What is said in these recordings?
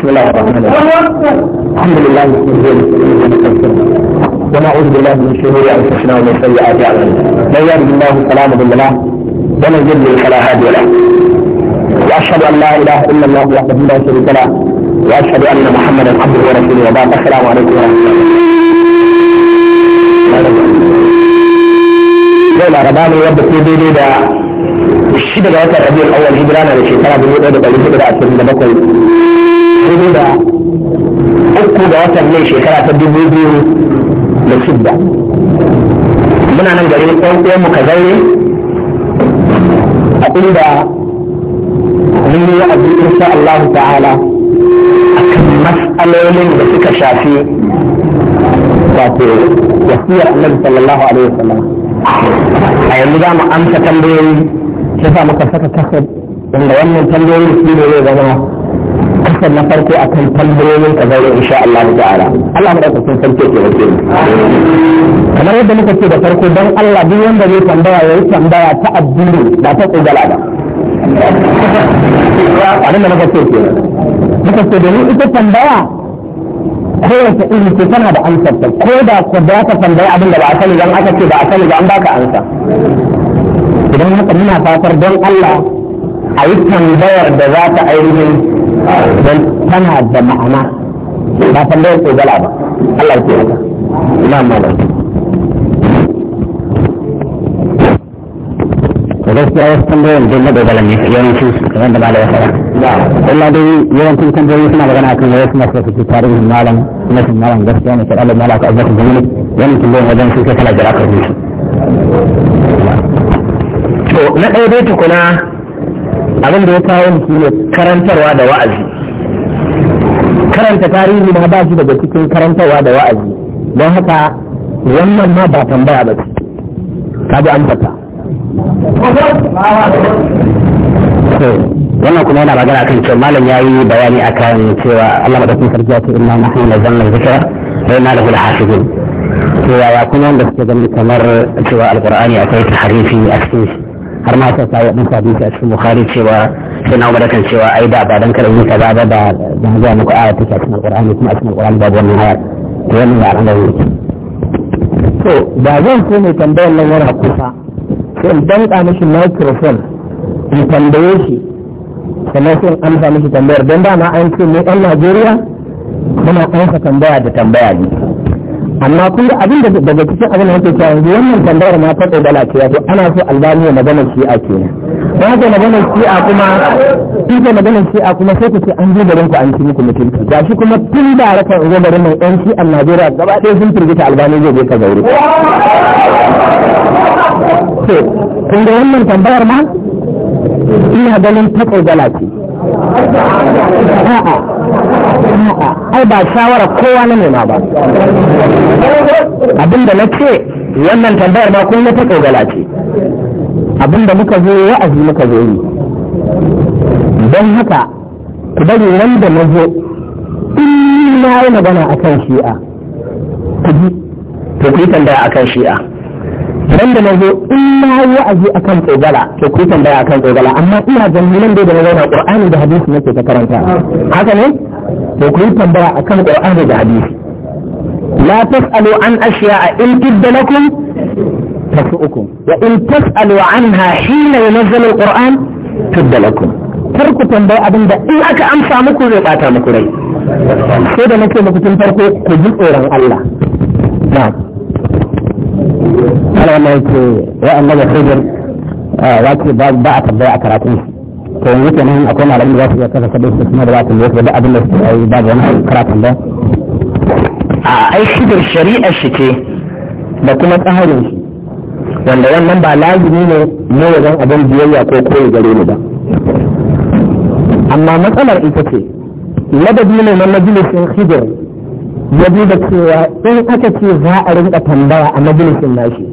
بسم الله الرحمن الرحيم الحمد لله ونعوذ بالله من شرور انفسنا ومن سيئات اعمالنا من يهد الله فلا مضل له ومن يضلل فلا هادي له واشهد ان لا اله الا الله وحده لا شريك له واشهد ان محمدا عبده ورسوله وبعد السلام عليكم ورحمه الله yau laraba ne wadda ko daidai da shi daga watan rabiul awwal hijira na da shekara dubu ɗaya da ɗari hudu daidai da uku da watan mai shekara ta dubu biyu da shidda muna nan gari ɗan uwanmu ka zaure a inda mun yi wa'azi insha Allah ta'ala a akan mas'alolin da suka shafi wato wasiyar annabi sallallahu alaihi wasallam a yanzu za mu amsa tambayoyi sai sa muka saka kasar inda wannan tambayoyin su ne zai zama kasar na farko a kan tambayoyin ka zaure insha Allah ta ta'ala Allah mu dauka sun sarki ke wake kamar yadda muka ce da farko dan Allah duk wanda zai tambaya yayi tambaya ta addini ba ta tsogala ba abin da muka ce ke muka ce domin ita tambaya kowace iri ce tana da amsar ta ko da ku ba ka tambaya abin da ba a sani dan aka ce ba a sani ba an baka amsa idan haka muna fatar don Allah a yi tambayar da za ta ainihin don tana da ma'ana ba ba Allah ke malam gaskiya wasu tambayoyin don ne kamar da ya fara illa dai yawancin suna magana akan wasu suna suka fi malam suna fi malam gaskiya ne kaɗan da malam ka abubakar da wani tambayoyin wajen kala jira ka to na ɗaya dai tukuna abin da ya kawo ni shine karantarwa da wa'azi karanta tarihi ma ba shi daga cikin karantarwa da wa'azi don haka wannan ma ba tambaya ba ce ka ji an fata wannan kuma yana magana kan cewa malam ya yi bayani akan cewa Allah madafin sarki ya ce inna na nazzalna dhikra wa inna lahu lahafizun to yaya kuma wanda suke gani kamar cewa alqur'ani akwai tahrifi a cikin shi har ma ta sai ɗan hadisi a cikin bukhari cewa suna umar kan cewa ai da ba dan karin ka ba da da zuwa muku aya ta cikin alqur'ani kuma a cikin alqur'ani babu wannan aya to wannan ya ran da yake to da zan ko ne tambayar nan yana kusa sai in ka mishi microphone in tambaye shi sannan sai in amsa mishi tambayar don na an ce ne dan Najeriya muna amsa tambaya da tambaya ne amma kun ga abin da daga cikin abin da yake cewa yanzu wannan tambayar ma ta tsodala ce wato ana so albani ya magana shi a kenan ba ga magana shi'a kuma in ka magana shi'a kuma sai ku ce an zo garin ku an ci muku mutunci ga shi kuma tun da rakan zo garin mai yan a Najeriya gaba ɗaya sun firgita albani zai je ka gauri. to kun ga wannan tambayar ma ina ganin ta tsodala ce a'a ai ba shawara kowa na nema ba abinda na ce wannan tambayar ma kun ta kogala ce abinda muka zo wa'azi muka zo yi don haka ku bari wanda na zo in na yi magana akan shi'a ku ji to ku yi tambaya akan shi'a ran da na zo in na wa'azi a kan tsogala to ku tambaya a kan tsogala amma ina jami'an da na zauna qur'ani da hadisi nake ta karanta haka ne to ku tambaya a kan qur'ani da hadisi la tasalu an ashiya'a in tidda lakum tasu'ukum wa in tasalu anha hina yunazzalu alquran tidda lakum kar ku tambaya abin da in aka amsa muku zai bata muku rai sai da nake muku tun farko ku ji tsoron Allah na'am ana wannan yake wa annabi hijir wace ah, ba a tambaya a karatun to yanzu kenan akwai malamin da za su iya kasa sabbin su kuma da za su yi da abin da su yi ba da wani karatun ba a ai hujjar shari'ar shi ke da kuma tsarin shi wanda wannan ba lazimi ne ne wajen abin biyayya ko koyi gare ni ba amma matsalar ita ce ladabi ne na majalisin hujjar. ya duba cewa in aka ce za a rinka tambaya a majalisin nashi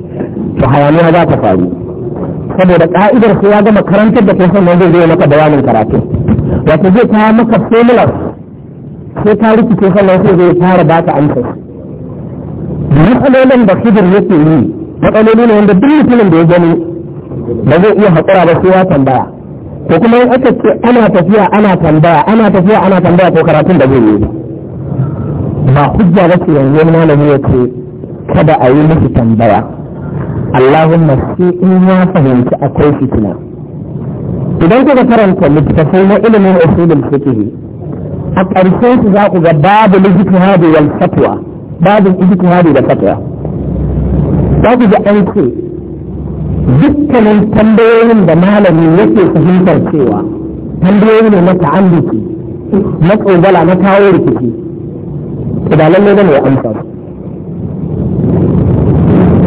to hayaniya za ta faru saboda ka'idar sai ya gama karantar da kai sannan zai zai maka bayanin karatu wato zai kawo maka formula sai ta rikice sannan sai zai fara ba ka amsa matsalolin da hijir yake yi matsaloli ne wanda duk mutumin da ya gani ba zai iya haƙura ba sai ya tambaya ko kuma in aka ce ana tafiya ana tambaya ana tafiya ana tambaya ko karatun da zai yi ba hujja ba ce yanzu malami ya ce kada a yi musu tambaya Allahumma sai in ya fahimci akwai fitina idan kuka karanta littattafai na ilimin usulul fiqh a ƙarshen su za ku ga babu ijtihadi wal fatwa babu ijtihadi da fatwa za ku ga an ce dukkanin tambayoyin da malami yake fahimtar cewa tambayoyi ne na ta'alluki na tsogala na kawo rikici ba lallai bane ya amsa ba?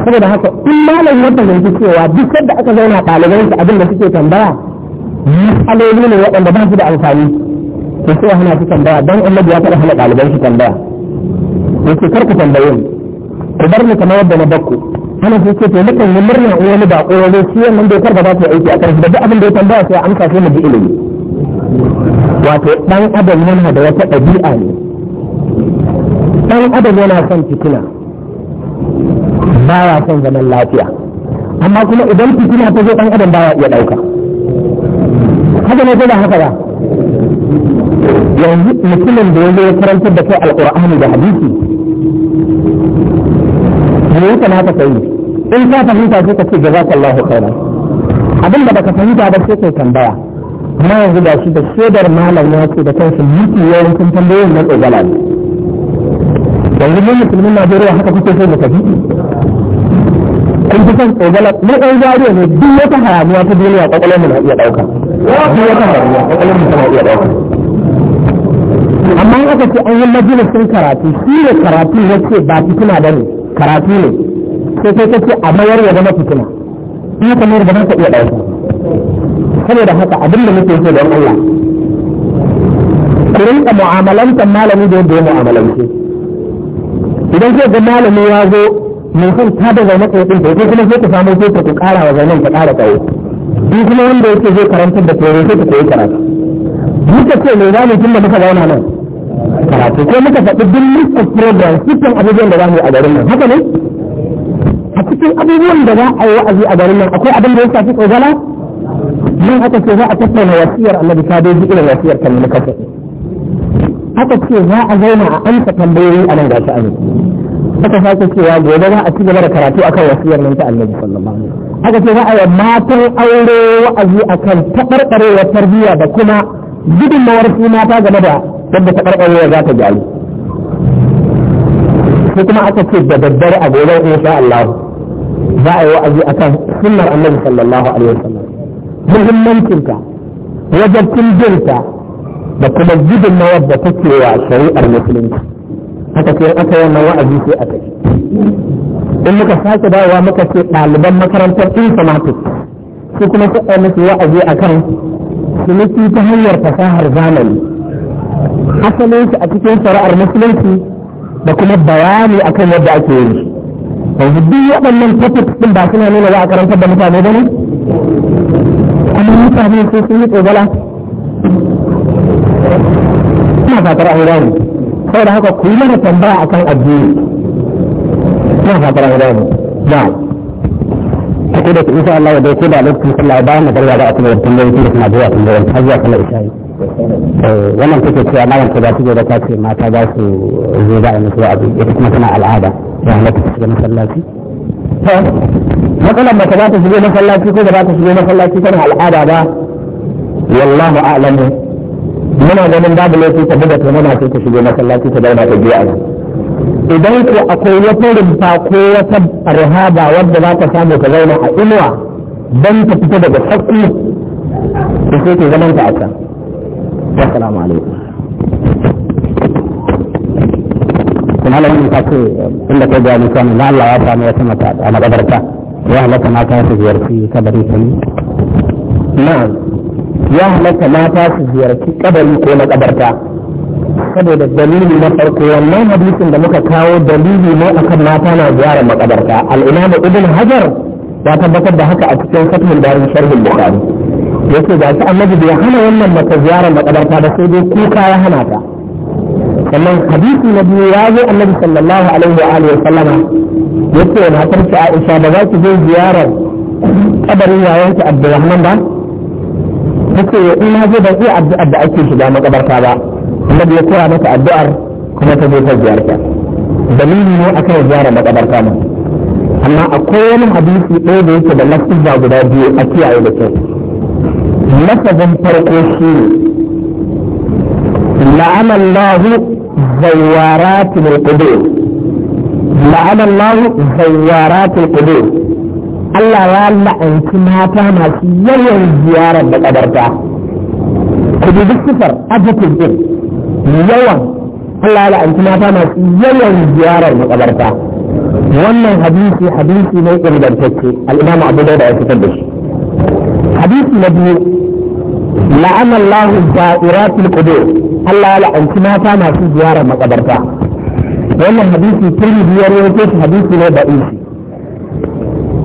saboda haka in malam ya fahimci cewa duk da aka zauna ɗaliban su abin da suke tambaya matsaloli ne waɗanda ba su da amfani to sai hana su tambaya don annabi ya fara hana ɗaliban su tambaya yake kar ku tambaye ni ku bar ni kamar yadda na bakku hana su ce to mukan yi murna in wani baƙo ya zo shi wannan dokar ba za aiki a ƙarshe da duk abin da ya tambaya sai amsa sai mu ji ilimi wato dan adam yana da wata ɗabi'a ne dan adam yana son fitina baya son zaman lafiya amma kuma idan fitina ta zo dan adam baya iya dauka haka ne ko ba haka ba yanzu mutumin da yanzu ya karantar da kai alkur'ani da hadisi me ya kamata ka yi in ka fahimta sai ka ce jazakallahu khairan abin da baka fahimta ba sai kai tambaya amma yanzu da shi da shaidar malam ya ce da kansa miki yawancin tambayoyin na tsogala ne yanzu mun musulmin Najeriya haka kuke so mu tafi kun fi son Mun mu ɗan zariya ne duk wata hayaniya ta duniya kwakwalwar mu na iya ɗauka duk wata hayaniya kwakwalwar mu na iya ɗauka amma in aka ce an yi sun karatu shi ne karatu ya ce ba fitina ba ne karatu ne sai sai kace a mayar ya zama fitina in ka mayar ba za ka iya ɗauka saboda haka abin da muke so don Allah ku rinka mu'amalantar malami da yadda ya mu'amalance idan zai ga malami ya zo mai son ta da zaune tsaye ɗin ko kuma sai ka samu sai ka ku ƙara wa zaunen ka ƙara tsaye shi kuma wanda yake zai karantar da tsoro sai ka koyi karatu duka ce mai zamu tun da muka zauna nan karatu ko muka faɗi duk lissa program dukkan abubuwan da za mu yi a garin nan haka ne a cikin abubuwan da za a yi wa'azi a garin nan akwai abin da ya shafi tsogala nan haka ce za a tattauna wasiyar annabi ta dai irin wasiyar kan muka faɗi aka ce za a zauna a amsa tambayoyi a nan ga shi annabi aka sake cewa gobe za a ci gaba da karatu akan wasiyar nan ta annabi sallallahu alaihi wasallam aka ce za a yi matan aure wa'azi akan tabarbarewar tarbiyya da kuma gudunmawar su mata game da yadda tabarbarewar za ta gyaru sai kuma aka ce da daddare a gobe in sha Allah za a yi wa'azi akan sunnar annabi sallallahu alaihi wasallam Wajen wajabtin jinta da kuma gudunmawar da take wa shari'ar musulunci haka sai aka yi wannan wa'azi sai aka yi in muka sake dawowa muka ce ɗaliban makarantar informatics su kuma su ɗaya musu wa'azi a kan ciniki ta hanyar fasahar zamani asalin shi a cikin shari'ar musulunci da kuma bayani akan yadda ake yin shi yanzu duk waɗannan topics ɗin ba suna nuna za a karantar da mutane ba ne kuma mutane sai sun yi tsogala ina fatar an gane saboda haka ku yi mana tambaya akan addini ina fatar an gane na'am take da insha Allah da ke da lokacin sallah bayan da gargaɗa a cikin tambayoyi da kuma zuwa tambayoyin har zuwa kuma isha'i eh, wannan take cewa malam ko ba su da ta ce mata za su zo ba a musu abu ita kuma tana al'ada da halatta su shiga masallaci matsalar mace za ta shiga masallaci ko da ba ta shiga masallaci tana al'ada ba wallahu a'lamu muna ganin babu laifi ta buga tona ma ta shigo masallaci ta dauna ta biya nan idan ko akwai wata rumfa ko wata rihaba wadda za ta samu ta zauna a inuwa don ta fita daga sauƙi da sai ta zaman ta a can assalamu alaikum kuma lamun ta ce inda kai ga mutum na Allah ya samu wata mata a magabarta ya halatta mata su ziyarci kabari ta ne na'am ya halatta mata su ziyarci kabari ko makabarta saboda dalili na farko wannan hadisin da muka kawo dalili ne akan mata na ziyarar makabarta al'imam ibn hajar ya tabbatar da haka a cikin fathul barin sharhin bukhari yace ga shi annabi bai hana wannan mata ziyarar makabarta ba sai dai kuka ya hana ta sannan hadisi na biyu ya zo annabi sallallahu alaihi wa alihi sallama yace matar ki Aisha da za ki je ziyarar kabarin yayanki Abdulrahman ba take in na je ba iya addu'ar da ake shiga makabarta ba annabi ya koya mata addu'ar kuma ta je ta ziyarta dalili ne akan ziyarar makabarta ne amma akwai wani hadisi ɗaya da yake da lafiya guda biyu a kiyaye da kyau lafazin farko shi ne la'ana Allah zawaratul qubur la'ana Allah zawaratul qubur Allah ya la'anci mata masu yawan ziyarar da kabarta ku dubi sifar adjective din yawan Allah ya la'anci mata masu yawan ziyarar makabarta wannan hadisi hadisi ne ingantacce al-Imam Abu da ya fitar da shi hadisi na biyu la'ana Allah da'iratul qubur Allah ya la'anci mata masu ziyarar makabarta wannan hadisi tirmidhi ya rawaito hadisi ne da isi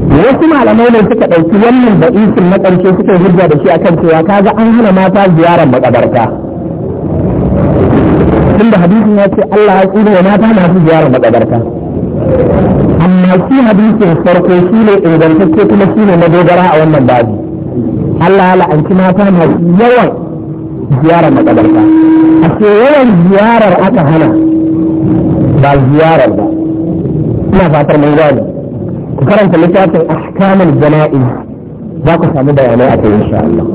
wasu malamai ne suka ɗauki wannan ba'isin na ƙarshe suka hujja da shi a kan cewa kaga an hana mata ziyarar makabarta tunda hadisin ya ce Allah ya tsira mata masu ziyarar makabarta amma shi hadisin farko shi ne ingantacce kuma shi ne na dogara a wannan babu Allah ya la'anci mata masu yawan ziyarar makabarta a ce yawan ziyarar aka hana ba ziyarar ba ina fatar mun gane كفرنت لتات أحكام الجنائز ذاك سامو بياني إن شاء الله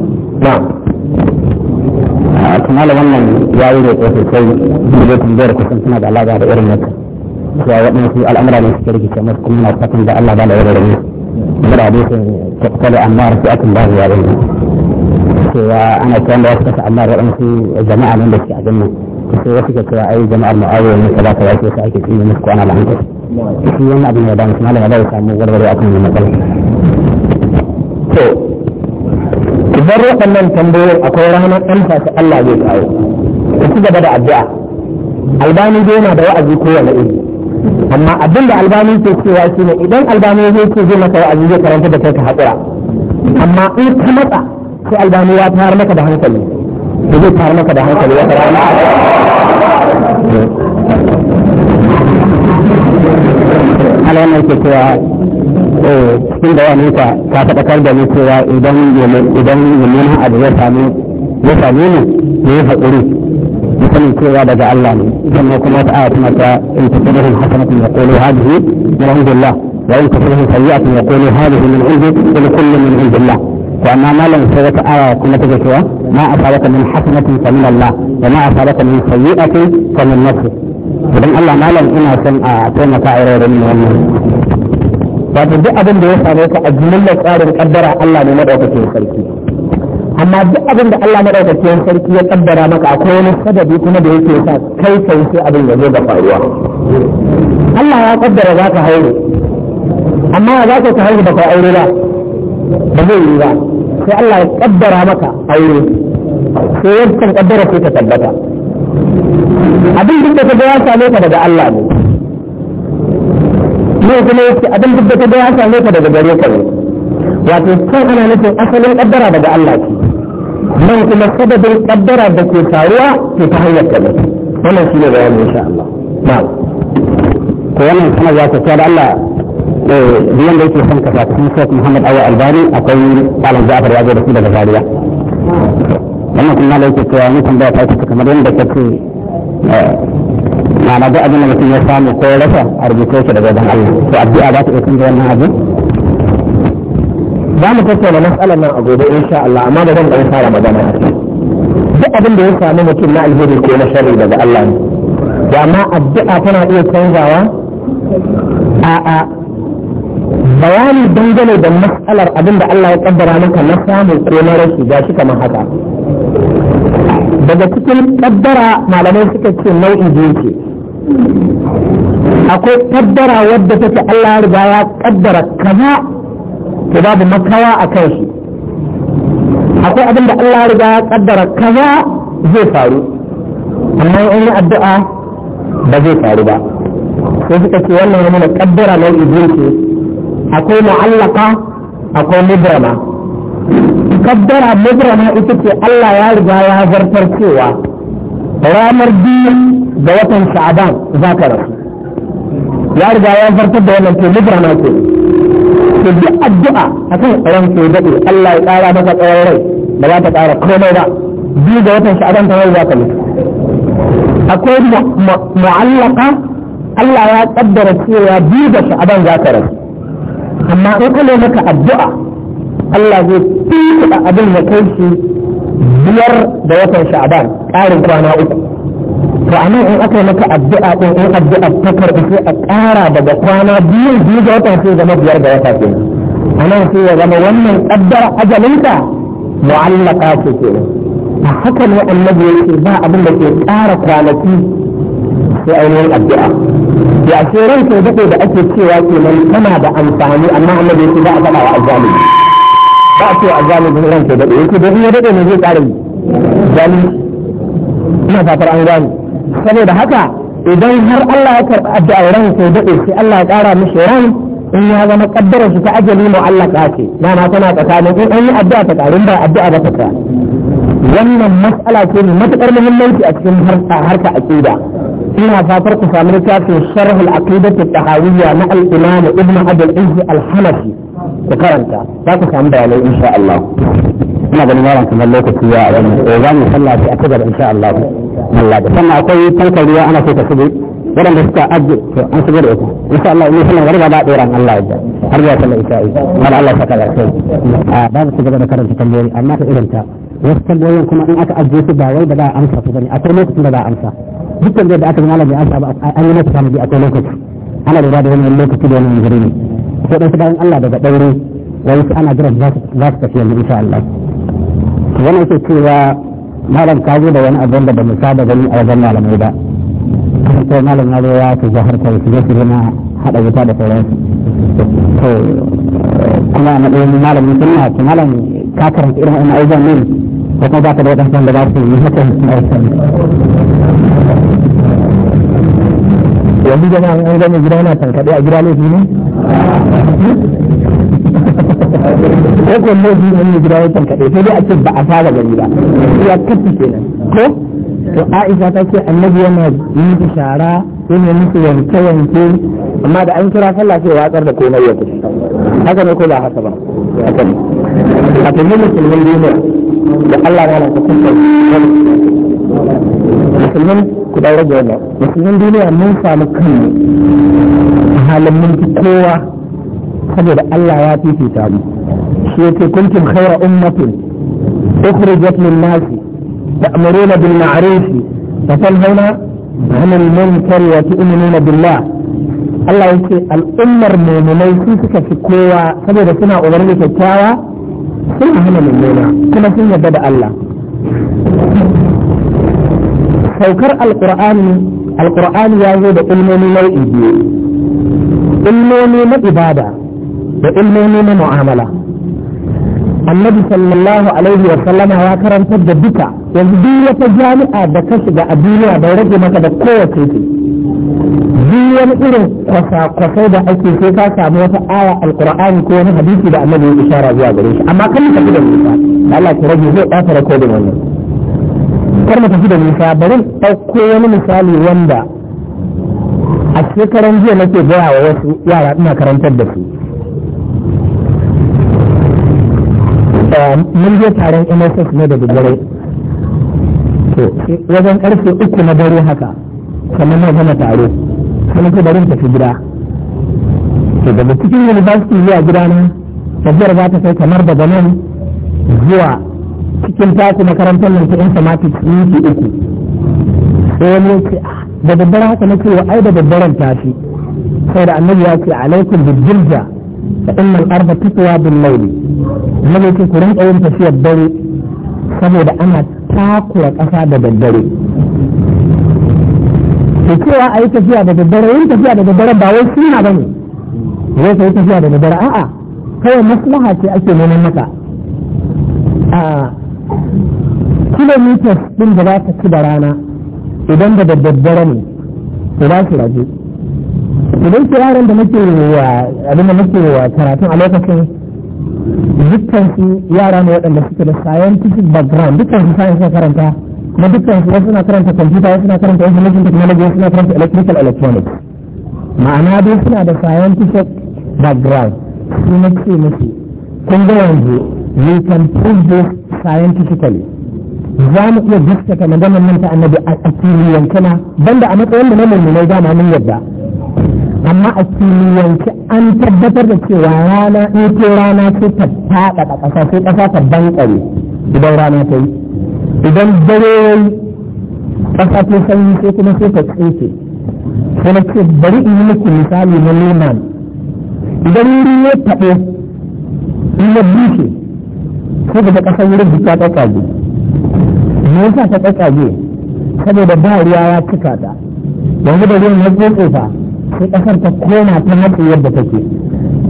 نعم كما لغنى يأوي لي قوة الكوي بيكم دورك وسنسنا بألا بعد إرنك وأبنى في الأمر الذي يشتريك كمسكم من أفتكم بألا بعد إرنك مرة بيك تقتل أمار في أكل الله يعلم وأنا كان لا أستطيع أمار وأنا في جماعة من بس يعلمني sai wasu ka cewa ai jama'ar mu'awiyar ne ka ba ka yake sa ake tsini musu kwana da hankali shi wani abin ya dama kuma da ya samu warware a kan matsala to idan waɗannan tambayoyin akwai ranar amsa su Allah zai kawo ku ci gaba da addu'a albani dai yana da wa'azi kowane iri amma abin da albani ke cewa shi ne idan albani zai ce zai masa wa'azi zai karanta da kai ka haƙura amma in ka matsa sai albani ya tayar maka da hankali da zai fara maka da hankali wata rana ala wannan ke cewa cikin da wani ka ka tabbatar da ni cewa idan idan yamina abu ya same ya same ni ya yi haƙuri sanin cewa daga Allah ne sannan kuma ta aya tana ta in tusbihu hasanatun yaqulu hadhihi min indillah wa in tusbihu sayyi'atun yaqulu hadhihi min indi in kullu min indillah وما ما لم سيرت آية كما تجسوا ما أصابك من حسنة فمن الله وما أصابك من سيئة فمن نفسك idan Allah malam ina son a taimaka a rayuwar mu wannan wato duk abin da ya same ka a jimillar tsarin kaddara Allah ne madaukakin sarki amma duk abin da Allah madaukakin sarki ya kaddara maka akwai wani sababi kuma da yake sa kai kai sai abin ya zo ga faruwa Allah ya kaddara za ka haihu. amma za ka haihu ba ka aure ba ba zai yi ba sai Allah ya kaddara maka aure sai yankan kaddara sai ta tabbata abin duk da kaga ya same ka daga Allah ne ne kuma yake abin duk da kaga ya same ka daga gare ka ne wato kan ana nufin asalin kaddara daga Allah ce nan kuma sababin kaddara da ke faruwa ke ta hanyar ka ne wannan shine bayani insha Allah na'am to wannan kuma za ka da Allah biyan da yake son cikin muhammad awa albani akwai ya zo da su daga zariya wannan kuma da yake cewa kamar yadda ka ce eh, ma'ana abin da mutum ya samu ko rasa a rubuce shi daga wajen allah to addu'a za ta iya wannan abin za mu tattauna matsalar nan a gobe insha Allah amma ba zan ɗan fara magana duk abin da ya samu mutum na alheri ko na sharri daga Allah ne da ma addu'a tana iya canzawa a'a bayani dangane da matsalar abin da Allah ya kaddara maka na samu ko na rashi ga shi kamar haka daga cikin kaddara malamai suka ce nau'i biyu akwai kaddara wadda take Allah ya riga ya kaddara kaza ta babu makawa a kan shi akwai abin da Allah ya riga ya kaddara kaza zai faru amma in yi addu'a ba zai faru ba sai suka ce wannan wani kaddara nau'i biyu ce akwai mu'allaka akwai mudrama kaddara mudrama ita ce Allah ya riga ya zartar cewa ranar biyu ga watan sha'aban za ka rasu ya riga ya zartar da wannan to mudrama ce ke duk addu'a a akan ran ke daɗe Allah ya ƙara maka tsawon rai ba za ta ƙara komai ba biyu ga watan sha'aban ta za ka mutu akwai mu'allaka Allah ya kaddara cewa biyu da sha'aban za ka rasu amma in ana maka addu'a Allah zai tuka abin ya kai shi biyar da watan sha'ban ƙarin kwana uku to a nan in aka yi maka addu'a ɗin in addu'a ta karɓi sai a ƙara daga kwana biyu biyu da watan sai zama biyar da wata ke a nan sai ya zama wannan ƙaddar ajalinka mu'allaka ce ke a hakan ne annabi yake ba abin da ke ƙara kwanaki sai ainihin addu'a da a cikin rankin duka da ake cewa nan tana da amfani amma annabi yake za a faɗa wa azzalimi ba a cewa azzalimi rankin daɗe yake da ya daɗe ne zai ƙara yi zalimi ina fatar an gane saboda haka idan har Allah ya karɓi addu'ar rankin daɗe sai Allah ya ƙara mishi ran in ya zama kaddarar shi ta ajali mu'allaka ce dama tana tsakanin in an yi addu'a ta karin ba addu'a ba ta wannan mas'ala ce mai matuƙar muhimmanci a cikin harka aqida ina fatar ku samu littafin sharh al-aqidah at-tahawiyya na al-imam ibn abd al-izz al-hanafi ku karanta za ku samu bayanai insha Allah ina ganin yaron kamar lokaci ya a wannan eh za mu sallah a kubar insha Allah Allah da sannan akwai tankar ruwa ana so ta shigo waɗanda suka ajiye to an shigo da ita insha Allah in sallan garba da ɗoran Allah ya har ya sallah isha'i har Allah saka da kai babu su gaba da karanta tambayoyi amma ta irin ta wasu tambayoyin kuma in aka ajiye su ba wai ba za a amsa su bane akwai lokacin da za a amsa dukkan tambayar da aka zama alaji an ba an yi masa tanadi akwai lokaci ana lura da wani lokaci da wani gari ne ko dan bayan Allah daga daure wani su ana jiran za su tafi yanzu insha Allah wannan ke cewa malam ka zo da wani abin da ba mu saba gani a wajen malamai ba to malam na zo ya zahar kai su ne na hada wuta da sauran to kuma na ɗaya malamin sunna to malam ka karanta irin wani abubuwan ne وكما ذاك الوضع كان لباسي yanzu da na an gane gida na tankaɗe a gida laifi ne? ko ko laifi ne ne gida ya tankaɗe sai dai a ce ba a fara gari ba ya kafi kenan ko to Aisha ta ce annabi yana yi bishara yana musu wanke wanke amma da an kira sallah sai watsar da komai ya tafi haka ne ko ba haka ba haka ne a tunan musulmin duniya da Allah ya lantar kusa musulmin ku dan rage wannan musulmin duniya mun samu kanmu a halin mun fi kowa saboda Allah ya fifita mu shi yake kuntum khayra ummatin ukhrijat lin nas ta'muruna bil ma'ruf wa tanhauna 'anil munkar wa tu'minuna billah Allah yake al'ummar mu'minai sun suka fi kowa saboda suna umarni kyakkyawa sun hana mummuna kuma sun yarda da Allah saukar alqur'ani alqur'ani ya zo da ilmomi nau'i biyu ilmomi na ibada da ilmomi na mu'amala annabi sallallahu alaihi wa sallama ya karantar da duka yanzu duk wata jami'a da ka shiga a duniya bai rage maka da kowace ce duk wani irin kwasa-kwasai da ake sai ka samu wata aya alkur'ani ko wani hadisi da annabi ya ishara zuwa gare shi amma kan tafi da musa da Allah ki rage zai ɓata rikodin wannan kar mu tafi da musa bari ɗauko wani misali wanda a shekaran jiya nake gaya wa wasu yara ina karantar da su eh, mun je taron NSS ne da daddare wajen karfe uku na dare haka kamar na gama taro sai ce bari tafi gida to daga cikin university zuwa gida na tafiyar za ta kai kamar daga nan zuwa cikin taku makarantar nan ta informatics minti uku sai wani ce ah, da daddare haka na wa ai da daddaren tashi sai da annabi ya ce alaikum bil jilja fa innal arda tutwa bil layli annabi ya ce ku rinka yin tafiyar dare saboda ana takura ƙasa da daddare to cewa a yi tafiya da daddare yin tafiya da daddare ba wai suna ba ne zai ka yi tafiya da daddare a'a kawai maslaha ce ake neman maka a kilomitas ɗin da za ka ci da rana idan da daddare ne to za su raje idan yaran da muke wa abin da muke wa karatun a lokacin dukkan su yara ne waɗanda suke da scientific background dukkan su science karanta na dukkan su wasu na karanta computer wasu na karanta information technology wasu na karanta electrical electronics ma'ana dai suna da scientific background su na ce musu kun ga yanzu we can prove this scientifically za mu iya gaskata maganar nan ta annabi a kimiyyance ban banda a matsayin da na mummunai dama mun yadda amma a yanki an tabbatar da cewa rana in ce rana ce ta taɗa ƙasa sai ƙasa ta bankare idan rana ta yi idan dare yi ta sanyi sai kuma sai ka tsinke sai na ce bari in yi muku misali na neman idan wuri ya taɓo in ya bushe sai daga ƙasar wurin duk ta tsakage me yasa ta tsakage saboda ba ruwa ya cika ta yanzu da ruwan ya tsofa sai ƙasar ta koma ta matsi yadda take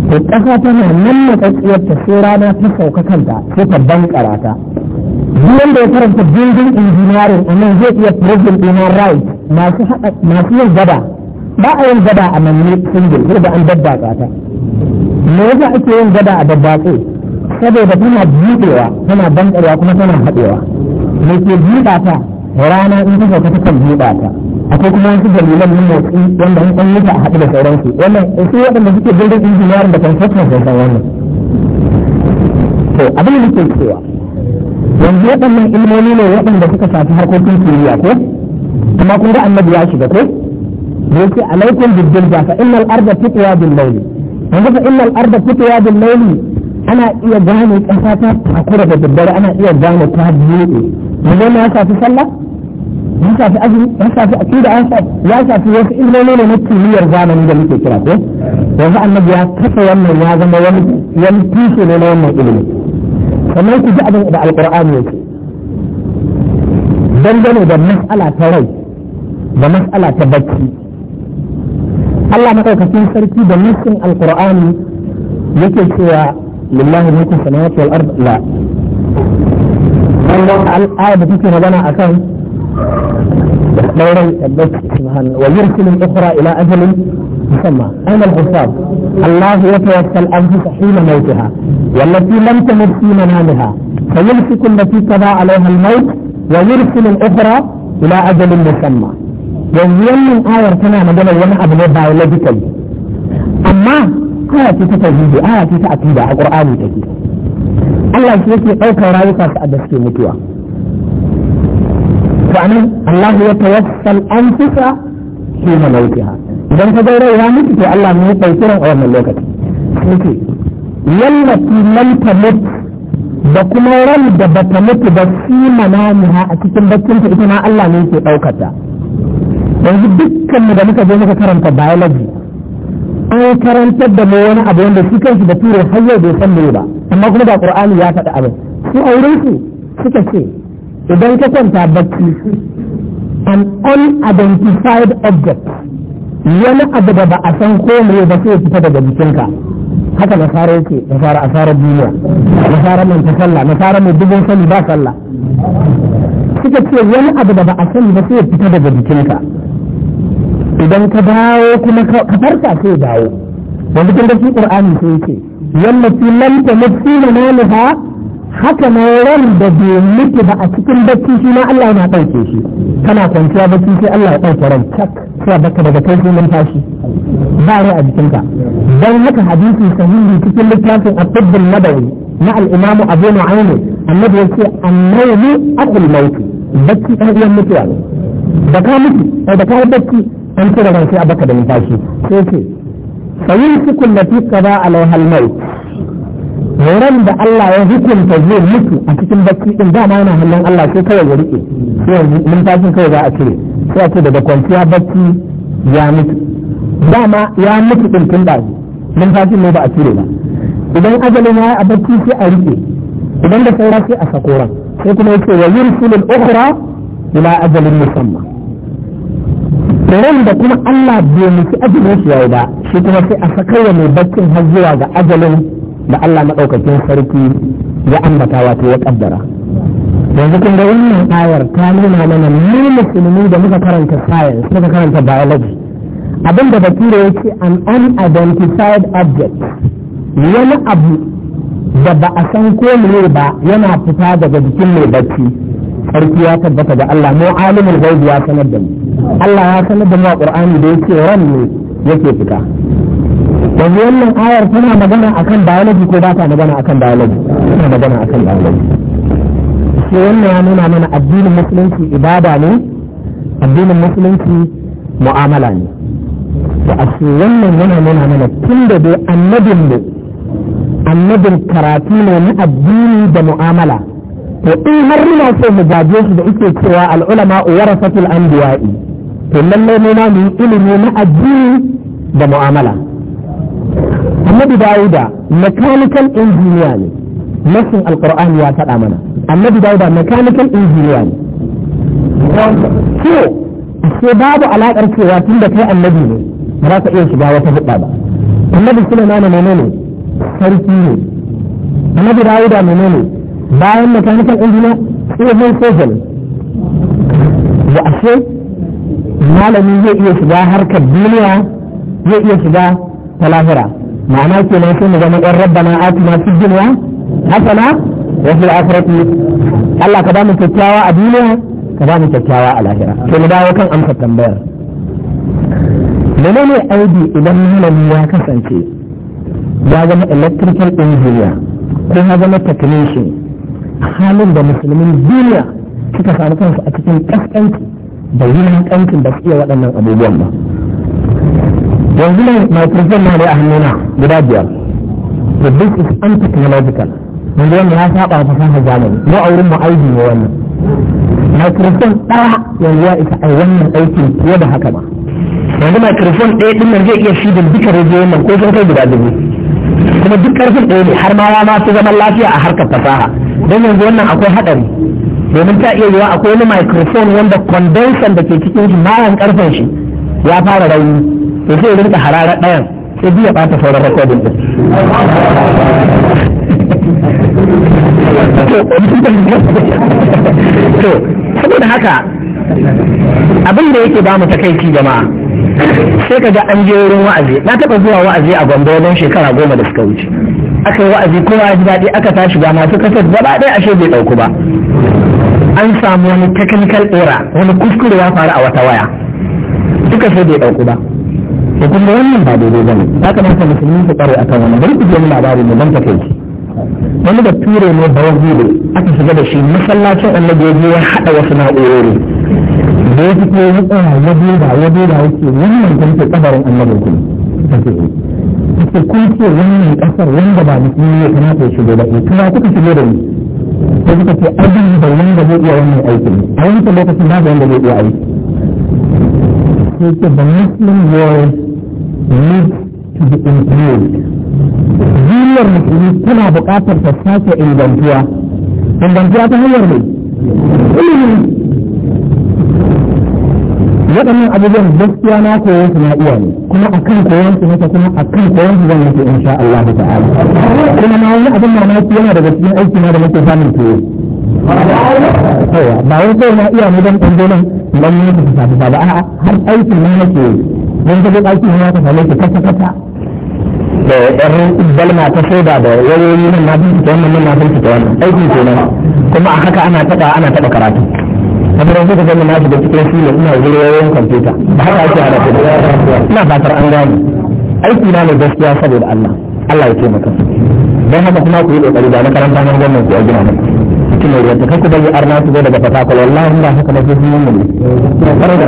to ƙasa tana nan matsatsiyar ta sai rana ta sauka kanta sai ta bankara ta biyan da ya karanta injiniyarin a nan zai iya problem ɗina rai masu yin gaba ba a yin gaba a manne single yadda an dabba ta me yasa ake yin gaba a dabba ko saboda tana buɗewa tana bankarwa kuma tana haɗewa me ke jiɓa ta rana in ta sauka takan jiɓa ta akwai kuma wasu dalilan nan motsi wanda an yi ta a haɗu da sauransu wannan su waɗanda suke building injiniyarin da kan sassan sassan wannan to abin da nake cewa yanzu waɗannan ilmomi ne waɗanda suka shafi harkokin kimiyya ko kuma kun ga annabi ya shiga ko da yake alaikum bidilja fa innal arda tutwa bil layli yanzu fa innal arda tutwa bil layli ana iya gane ƙasa ta takura da daddare ana iya gane ta buɗe yanzu ya shafi sallah ya shafi azumi ya shafi akida ya shafi wasu ilmomi ne na kimiyyar zamani da muke kira ko yanzu annabi ya kasa wannan ya zama wani tushe ne na wannan ilimin kamar ku ji abin da alƙur'ani yake dangane da mas'ala ta rai da mas'ala ta bacci Allah madaukakin sarki da nassin alƙur'ani yake cewa lillahi mulku samawati wal ard la wannan al'aya da take magana akan dauran bacci subhanallah wa yursilu al-ukhra ila ajalin يسمى أنا الغصاب الله يتوفى الأنفس حين موتها والتي لم تمت في منامها فيمسك التي قضى عليها الموت ويرسل الأخرى إلى أجل مسمى يوم من آية كما مدن وما أبن الله الذي كي أما آية تتجيب آية تأكيد القرآن تجيب الله يتوفي أوكا رايقا سأدسكي متوى فأنا الله يتوفى الأنفس shi ne mautiha idan ka gairai ya miki to Allah ne ya ɗauki ran a wannan lokaci yalla ki lam mut da kuma ran da bata mutu ba fi manamiha a cikin ta ita ma Allah ne yake ɗaukar ta yanzu dukkan mu da muka je muka karanta biology an karanta da mu wani abu wanda shi kansa da turai har yau bai san ba amma kuma da qur'ani ya faɗa abin su aure su suka ce idan ka kwanta bakin an unidentified object wani abu da ba a san ko ba sai fita daga jikinka haka nasara yake nasara asarar duniya nasara mai ta sallah nasara mai dubin sani ba sallah suka ce wani abu da ba a sani ba sai fita daga jikinka idan ka dawo kuma ka farka sai dawo wanda kin da shi qur'ani sai yake yalla fi lam tamut fi haka na ran bai mutu ba a cikin bacci shi ma Allah yana ɗauke shi kana kwanciya bacci sai Allah ya ɗauke ran cak sai baka daga kai sai tashi ba rai a jikinka dan haka hadisi sahihi cikin littafin at-tibbul nabawi na al-imam Abu Nu'aym annabi yace an-nawmu aqul maut bacci ɗan uwan mutuwa ne da ka mutu da ka bacci an tura ran sai baka da numfashi sai ce sayin sukun lati qada alaiha al-maut wurin da Allah ya hukunta zai mutu a cikin bacci din dama yana hannun Allah sai kawai ya rike sai numfashin kawai za a cire sai a ce daga kwanciya bacci ya mutu dama ya mutu din tun da numfashin ne ba a cire ba idan ajalin ya a bacci sai a rike idan da saura sai a sakora sai kuma yake wa yursul al-ukhra ila ajalin musamma ran da kuma Allah bai mutu ajalin shi yi ba shi kuma sai a sakawa mai bakin har zuwa ga ajalin da Allah maɗaukakin sarki ya ambata wato ya ƙaddara yanzu kun da wannan ayar ta nuna mana mu musulmi da muka karanta science muka karanta biology abin da bature ya an unidentified object wani abu da ba a san ko ne ba yana fita daga jikin mai bacci sarki ya tabbata da Allah mu alimul gaibi ya sanar da mu Allah ya sanar da mu a Qur'ani da yake ran ne yake fita yanzu wannan ayar tana magana akan biology ko ba ta magana akan biology tana magana akan biology sai wannan ya nuna mana addinin musulunci ibada ne addinin musulunci mu'amala ne da ashe wannan yana nuna mana tun da dai annabin ne annabin karatu ne na addini da mu'amala to in har muna so mu gaje shi da ike cewa al'ulama warasatul anbiya'i to lallai ne na mu ilimi na addini da mu'amala annabi dawuda mechanical engineer ne nasin alkur'ani ya faɗa mana annabi dawuda mechanical engineer ne so sai babu alaƙar cewa tun da kai annabi ne ba za ka iya shiga wata hudda ba annabi sulaimana menene sarki ne annabi dawuda menene bayan mechanical engineer tsohon soja ne wa ashe malami zai iya shiga harkar duniya zai iya shiga talahira. ma'ana kenan sai mu zama na rabbana atina fid dunya hasana wa fil akhirati Allah ka ba kyakkyawa a duniya ka ba kyakkyawa a lahira to mu dawo kan amsa tambayar menene aibi idan malami ya kasance ya zama electrical engineer ko ya zama technician halin da musulmin duniya suka samu kansu a cikin kaskanci da yin kankin da su iya waɗannan abubuwan ba yanzu ne microphone na ya a na guda biyar Da this is technological yanzu wani ya saba fasaha zamani mu a wurin ma'aiki ne wannan microphone ɗaya yanzu ya isa a wannan aikin fiye da haka ba yanzu microphone ɗaya ɗin nan zai iya shi da duka rediyon nan ko sun kai guda dubu kuma duk ƙarfin ɗaya ne har ma ya ma fi zaman lafiya a harkar fasaha don yanzu wannan akwai haɗari domin ta iya yiwa akwai wani microphone wanda condenser da ke cikin shi mayan ƙarfin shi ya fara rauni ya ce rinka hararar ɗayan sai biya ɓata sauran ɗin to saboda haka abin da yake ba mu takaici jama'a sai ka ga an je wurin wa'azi na taɓa zuwa wa'azi a gombe wajen shekara goma da suka wuce aka yi wa'azi kowa ya ji daɗi aka tashi ba masu kasar gaba ɗaya ashe bai ɗauku ba an samu wani technical error wani kuskure ya faru a wata waya duka sai bai ɗauku ba to kun ga wannan ba daidai bane ya kamata musulmi su tsare akan wannan bari ku je mu labari mu dan take shi wani da ture ne bawan ne aka shiga da shi masallacin annabi ya je ya hada wasu na'urori da ya fito ya tsaya ya duba ya duba yake wannan kun ce kabarin annabi kun ce kun ce wannan kasar wanda ba musulmi ne kamata ya shigo da kuma kuka shigo da ni ko suka ce abin da wanda zai iya wannan aikin a wancan lokacin babu wanda zai iya aiki. Sai ce the Muslim world need to be improved duniyar musulmi tana buƙatar ta sake ingantuwa ingantuwa ta hanyar ne ilimi waɗannan abubuwan gaskiya na koyon su na iya ne kuma a kan koyon su nake kuma a kan koyon su zan yake insha Allah ta'ala kuma na wani abin mamaki yana daga cikin aiki na da nake samun koyo ba wani kawai na iya ne don ɗan nan ban yi ta fasa ba a'a har aikin na nake yi don ta ga ɗaki ya ta same ta kasa kasa da ɗan balma ta soda da wayoyi nan na bin ta wannan nan na bin ta wannan aikin kenan kuma a haka ana taɓa ana taɓa karatu kamar yanzu ka gani na shiga cikin filin ina wuri wayoyin kwamfuta da haka ake hana ta ina fatar an gane aiki na ne gaskiya saboda Allah Allah ya taimaka don haka kuma ku yi ƙoƙari da makaranta na gwamnati a gina muku mai yadda kai ku bari arna su zo daga fatakul wallahi ba haka na jirgin yin mulki to kare da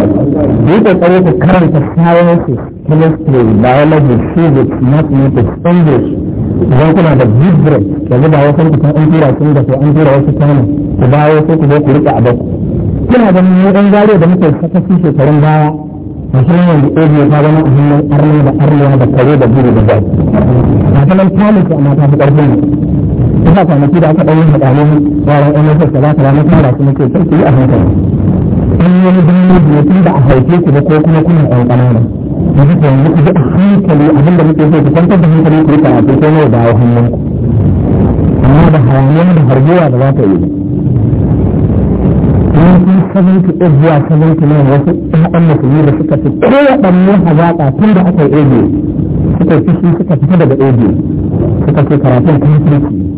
yi kokari ku karanta sciences chemistry biology physics mathematics english idan kuna da big brain yanzu ba wasu ku san an tura sun da su an tura wasu kanu ku dawo sai ku zo ku a abu kina da mu dan gare da muke sakaci shekarun baya musamman yanzu ɗaya ta zama a hannun arna da arna da kare da buru da zai a kanan su a mata su ƙarfin ina kwanaki da aka ɗauyin mutane yaran NSS kaza kaza na fara su nake kai ku a hankali in wani dinne biyu tun da a haife ku ba ko kuma kuna ɗan ƙanana yanzu ku yanzu ku ji a hankali abin da muke so ku kwantar da hankali ku yi karatu ko nawa dawo hannunku amma da hayaniya da harbuwa da za ta yi yankin 78 zuwa 79 wasu ɗan musulmi da suka fi kowa ɗan mun hazaƙa tun da aka yi suka fushi suka fita daga ɗaiɗe suka ce karatun kuma kirki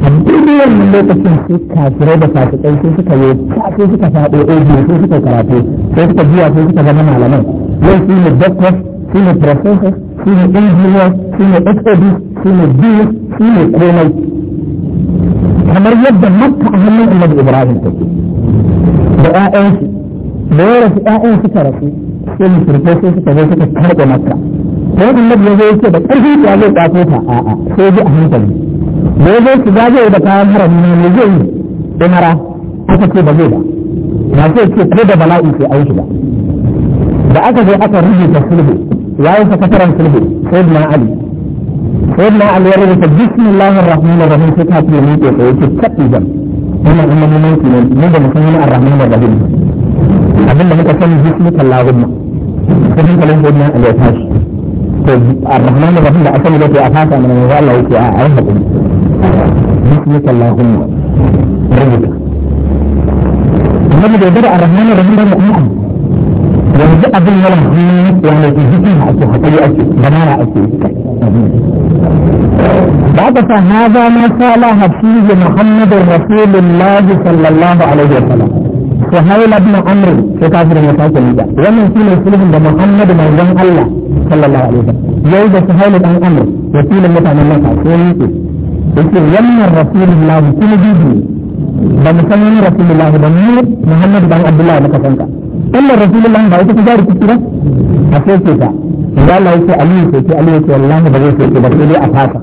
a daidai wannan lokacin sai kafirai da fasikai sai suka yi sai suka faɗo ɗaiɗe sai suka karatu sai suka biya sai suka zama malaman yau su ne doctors su ne professors su ne engineers su ne xod su ne biyu su ne komai kamar yadda makka a hannun annabi ibrahim take da ƴaƴansu da ya rasu ƴaƴan suka rasu sai musulmai sai suka zo suka karɓe makka sai annabi ya zo yake da ƙarfin ya zai kwato ta a'a sai ji a hankali da ya zo da kayan harami ne me zai yi da hara aka ce ba zai ba ba ce da bala'i sai an shiga da aka zo aka rubuta sulhu ya yi sakataren sulhu sai na ali sai na ali ya rubuta bismillahir rahmanir rahim sai ta ce ne ke sai ce kaɗi zan wannan ne da mutum rahim abinda muka sani bismillahir rahmanir rahim sai kalin gudun ali ya الرحمن الرحيم أسمي لك أخاك من أن يقال له في أعلمكم آه، باسمك اللهم ربك النبي يدرى الرحمن الرحيم لهم أمكم ونجد أبن يلم حمين يعني في جسم حسو حسو أسي بمارا أسي بعد فهذا ما سأله فيه محمد رسول الله صلى الله عليه وسلم suhaila bin amr ko kafirin ya sake nida wannan shi da muhammadu manzon allah sallallahu alaihi wasallam yayi da suhaila dan amr wakilin mutanen maka ko muhammadu dan abdullah a sai ce ta ya a fata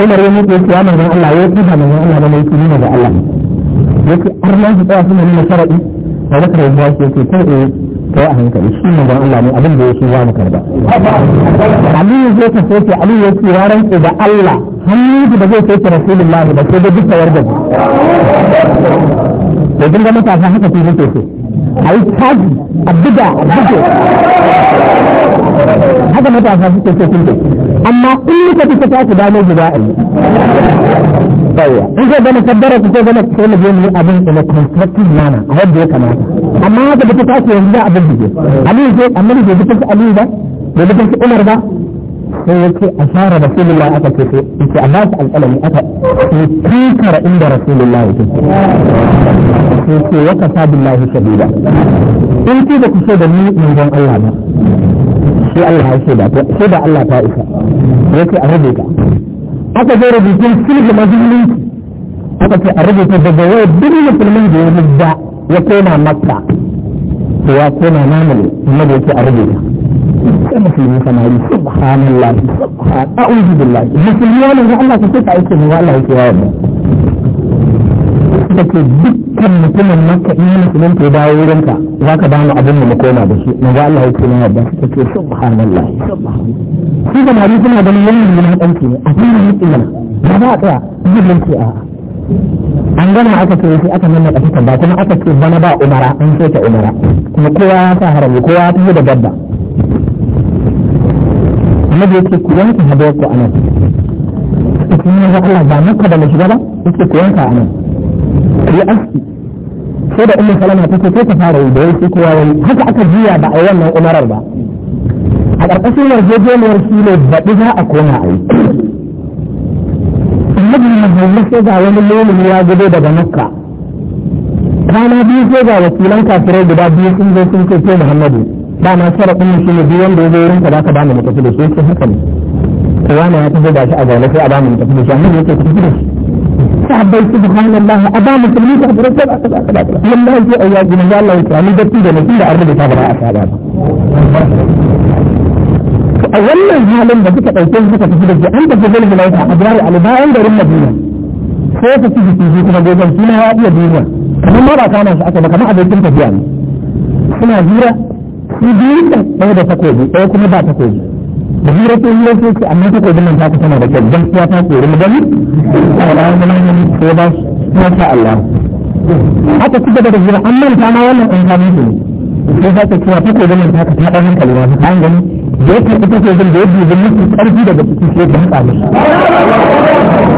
umar ya allah yake har ma su tsaya suna nuna sharaɗi da na karai ba su yake kai eh kai a hankali shi ne Allah ne abin da yake za mu karba Aliyu zai ka soke Aliyu yake ya rantsa da Allah hannu da zai soke Rasulullahi ba sai da duka yarda to kun ga haka su so a yi a buge haka matasa amma in muka ta ku guda a yi in kaddara ku abin a a yadda ya amma da ta yanzu za a buge abin amma da aliyu ba da umar ba sai ya ce a share rasulullah aka ce ko in ce amma su alƙalami aka sai tukara inda rasulullah ya ce sai ce wa kafa billahi sabila in ce da ku so da ni manzon Allah ba sai Allah ya ce da sai da Allah ta isa ya ce a rubuta aka zo rubutun sulhu majalisi aka ce a rubuta daga wayar duk musulmin da ya rubda ya koma makka wa ko na namale kuma da yake a rage ta sai musulmi samari subhanallah subhan a'udhu billahi musulmi wannan ga Allah sai ka aike ne Allah yake yawa da ke dukkan mutumin maka in musulun ke dawo wurinka za ka bamu abin da makoma da shi na ga Allah yake ne yadda ka ce subhanallah subhanallah shi samari suna ganin wannan yana ɗanki ne a cikin mutum ba za a tsaya ce a. an gana aka ce sai aka nan da ba kuma aka ce bana ba umara an soke umara kuma kowa ya sa harami kowa ya tafi da gadda annabi yake ku yanka hadiyar ku anan cikin ya Allah ba maka da shiga ba yake ku yanka anan ku yi aski sai da ummu salama ta ce sai ta fara yi da yake kowa wani haka aka jiya ba a wannan umarar ba a ƙarƙashin yarjejeniyar shi ne baɗi za a koma a yi annabi muhammad sai ga wani lolin ya gudu daga makka kwana biyu sai ga wakilan kafirai guda biyu sun zo sun ce sai muhammadu dama sharaɗin mu shi ne biyu wanda ya zo wurinka za ka ba mu tafi da shi yake haka ne to wani ya tafi da shi a zaune sai a ba mu tafi da shi annabi yake tafi da shi sahabbai subhanallah a ba musulmi ka fara kaza kaza kaza wallahi sai ayyaji manzo Allah ya tsani da da mutum da arba da ta bara a saba a wannan halin da suka ɗauke suka tafi da an tafi zalzala ta a jihar alibayan garin madina sai ta ci jiki kuma gogon suna ya iya duniya kamar ma ba kama shi aka ba kamar abokin tafiya ne suna jira su biyu da ɗaya da takobi ɗaya kuma ba takobi da hira ce yi ce su amma takobin nan ta ku tana da kyau don kuwa ta tsori mu gani a da wani nan ko ba su masha Allah haka su gaba da jira an manta ma wannan an kama su ne sai haka cewa take ganin ta ka taɓa hankali an gani da ya karɓi take da ya dubi mafi ƙarfi daga ciki sai da haɗa mishi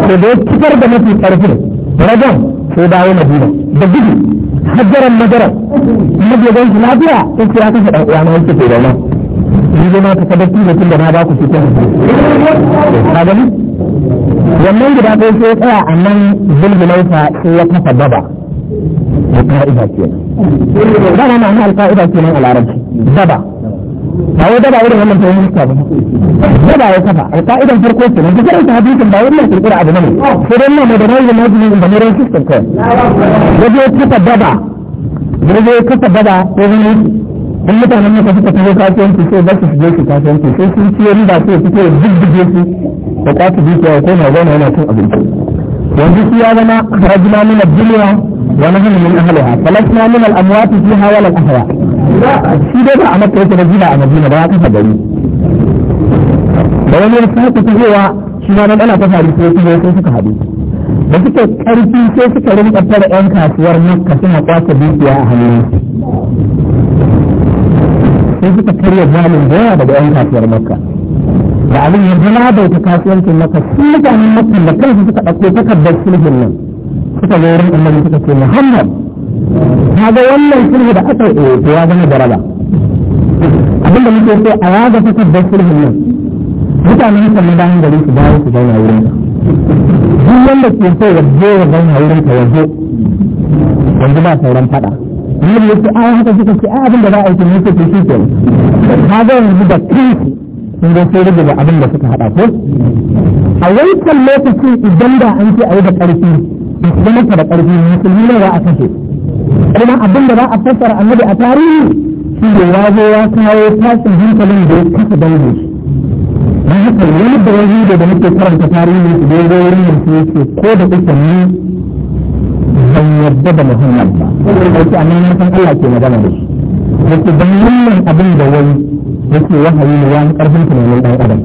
to da ya fitar da mafi ƙarfi ragon sai dawo madina da gudu hajjaran madara mabiyan shi lafiya sai ya kashe ɗan uwa na yake ke zauna ni zai ma ta tun da na ba ku cikin ka gani wannan gida sai sai tsaya a nan bulbulauta sai ya kafa baba القائدة كينا دبا معنى القائدة كينا العربي دبا فهو دبا إذا لم تكن مكتابة دبا يكفى القائدة فرقوة كينا انت كنت حديث باوي الله في القرعة بنمي فرنا مدنوي المهجم من بنيرا سيستم كينا يجي يكفى دبا يجي يكفى دبا يجي in mutanen maka suka fito kasuwanci sai ba su shige su kasuwanci sai sun ciye riba sai fito ya jijjige su da kwaci dukiya ko na zauna yana cin abinci yanzu su ya zama rajula nuna biliyan ونحن من أهلها فلسنا من الأموات فيها ولا الأحياء في ده بقى عملت ايه تنزيل على مدينة بقى كفا جميل لو أنا فهمت تقوى shi ma nan ana ta faru sai suka haɗu da suka ƙarfi sai suka rinka tare ƴan kasuwar makka suna kwace dukiya a hannun sai suka karya zalin da daga ƴan kasuwar makka da abin ya zama bai ta kasuwancin makka sun mutanen makka da kansu suka ɗauko takardar sulhun nan suka zo wurin annabi suka ce Muhammad kaga wannan sulhu da aka yi eh, to ya zama jaraba abinda muke so a yaga takardar sulhun nan mutanen sa na bayan gari su dawo su zauna wurin ka. duk wanda ke so ya zo ya zauna wurin ka ya yanzu ba sauran fada annabi ya ce a haka suka ce a abinda za a yi ne suke shi ke kaga yanzu da kansu sun zo sun rubuta abinda suka hada ko a wancan lokacin idan da an ce a yi da ƙarfi musulmi da ƙarfi musulmi ne za a kashe kuma abin da za a fassara annabi a tarihi shi ne ya zo ya kawo tashin hankalin da ya kasa dangi na haka wani da wani da da muke karanta tarihi su da ya wurin yanzu yake ko da kusa ni ban da muhammad ba amma na san allah ke magana da shi yake ban wannan abin da wani yake wahayi ne wani karfin tunanin dan adam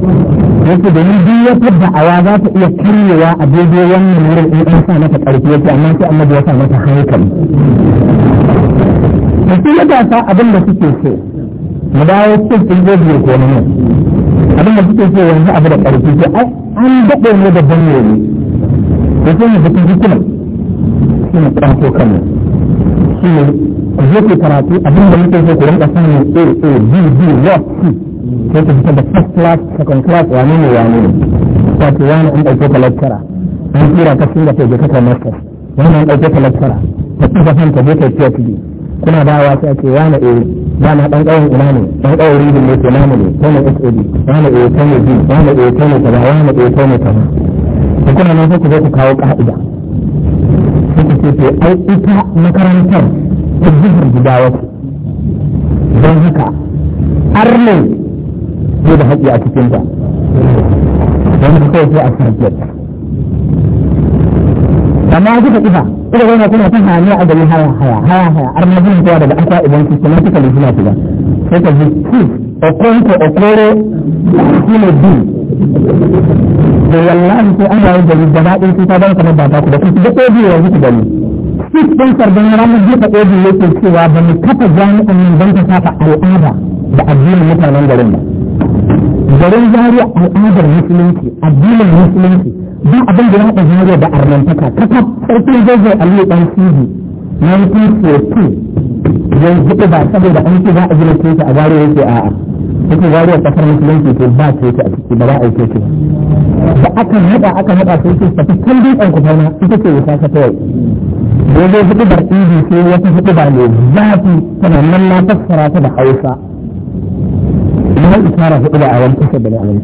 yake domin duk wata da'awa za ta iya karyewa a daidai wannan wurin in an sa mata karfi yake amma sai annabi ya sa mata hankali mutum ya sa abin da suke so mu dawo cikin ɗin ko nan abin da suke so yanzu abu da karfi ko an daɗe ne da ban ne da sai mu fitin hikimar shi mu ko kanmu shi ne ku zo ku karatu abin da muke so ku rinka samun A A B B what sai ku fita da first class second class wane ne wane ne ce wani an ɗauke ka lecturer an tura ka sun da ke je kaka master wani an ɗauke ka lecturer ka ci ka san ka je kai PhD kuna ba wa sai ce wani A wani ɗan ƙauyen ina ne ɗan ƙauyen rigin ne ke namu ne ko ne sab wani A ko ne B wani A ko ne kaza wani A ko ne kaza kuna nan sai ku zo ku kawo ka'ida sai ka ce to ai ita makarantar ta jihar gidawa don haka arne ne da haƙi a cikinta don haka kawai sai a sarkiyar amma duka ifa ita gwamna kuna ta hanya a gari haya haya haya haya arna zai zuwa daga asa idan su kuma suka lishina shiga sai ka ji okoro okoro shi ne biyu da wallahi sai an yayin gari da ɗaya sun ban kamar ba ta ku da kuma duk ɗaya biyu yanzu ku gani sis ɗin sardan ranar jefa ɗaya yake cewa ba mu kafa jami'an nan don ta kafa al'ada da addinin mutanen garin ba garin zariya al'adar musulunci addinin musulunci ba abin da ya haɗa zariya da arnantaka kakaf sarkin zai aliyu ɗan sidi 1942 yanzu ba saboda an ce za a gina keke a zariya yake a'a cikin wariyar kasar musulunci ko ba ce ta a ciki ba za a yi ce ce da aka haɗa aka haɗa sai ce tafi can dutsen ku fauna ita ce wuta ta kawai gobe hudu bar idi sai wata hudu ba ne zafi tana nan na fassara ta da hausa ina isara hudu ba a wani kusa da ne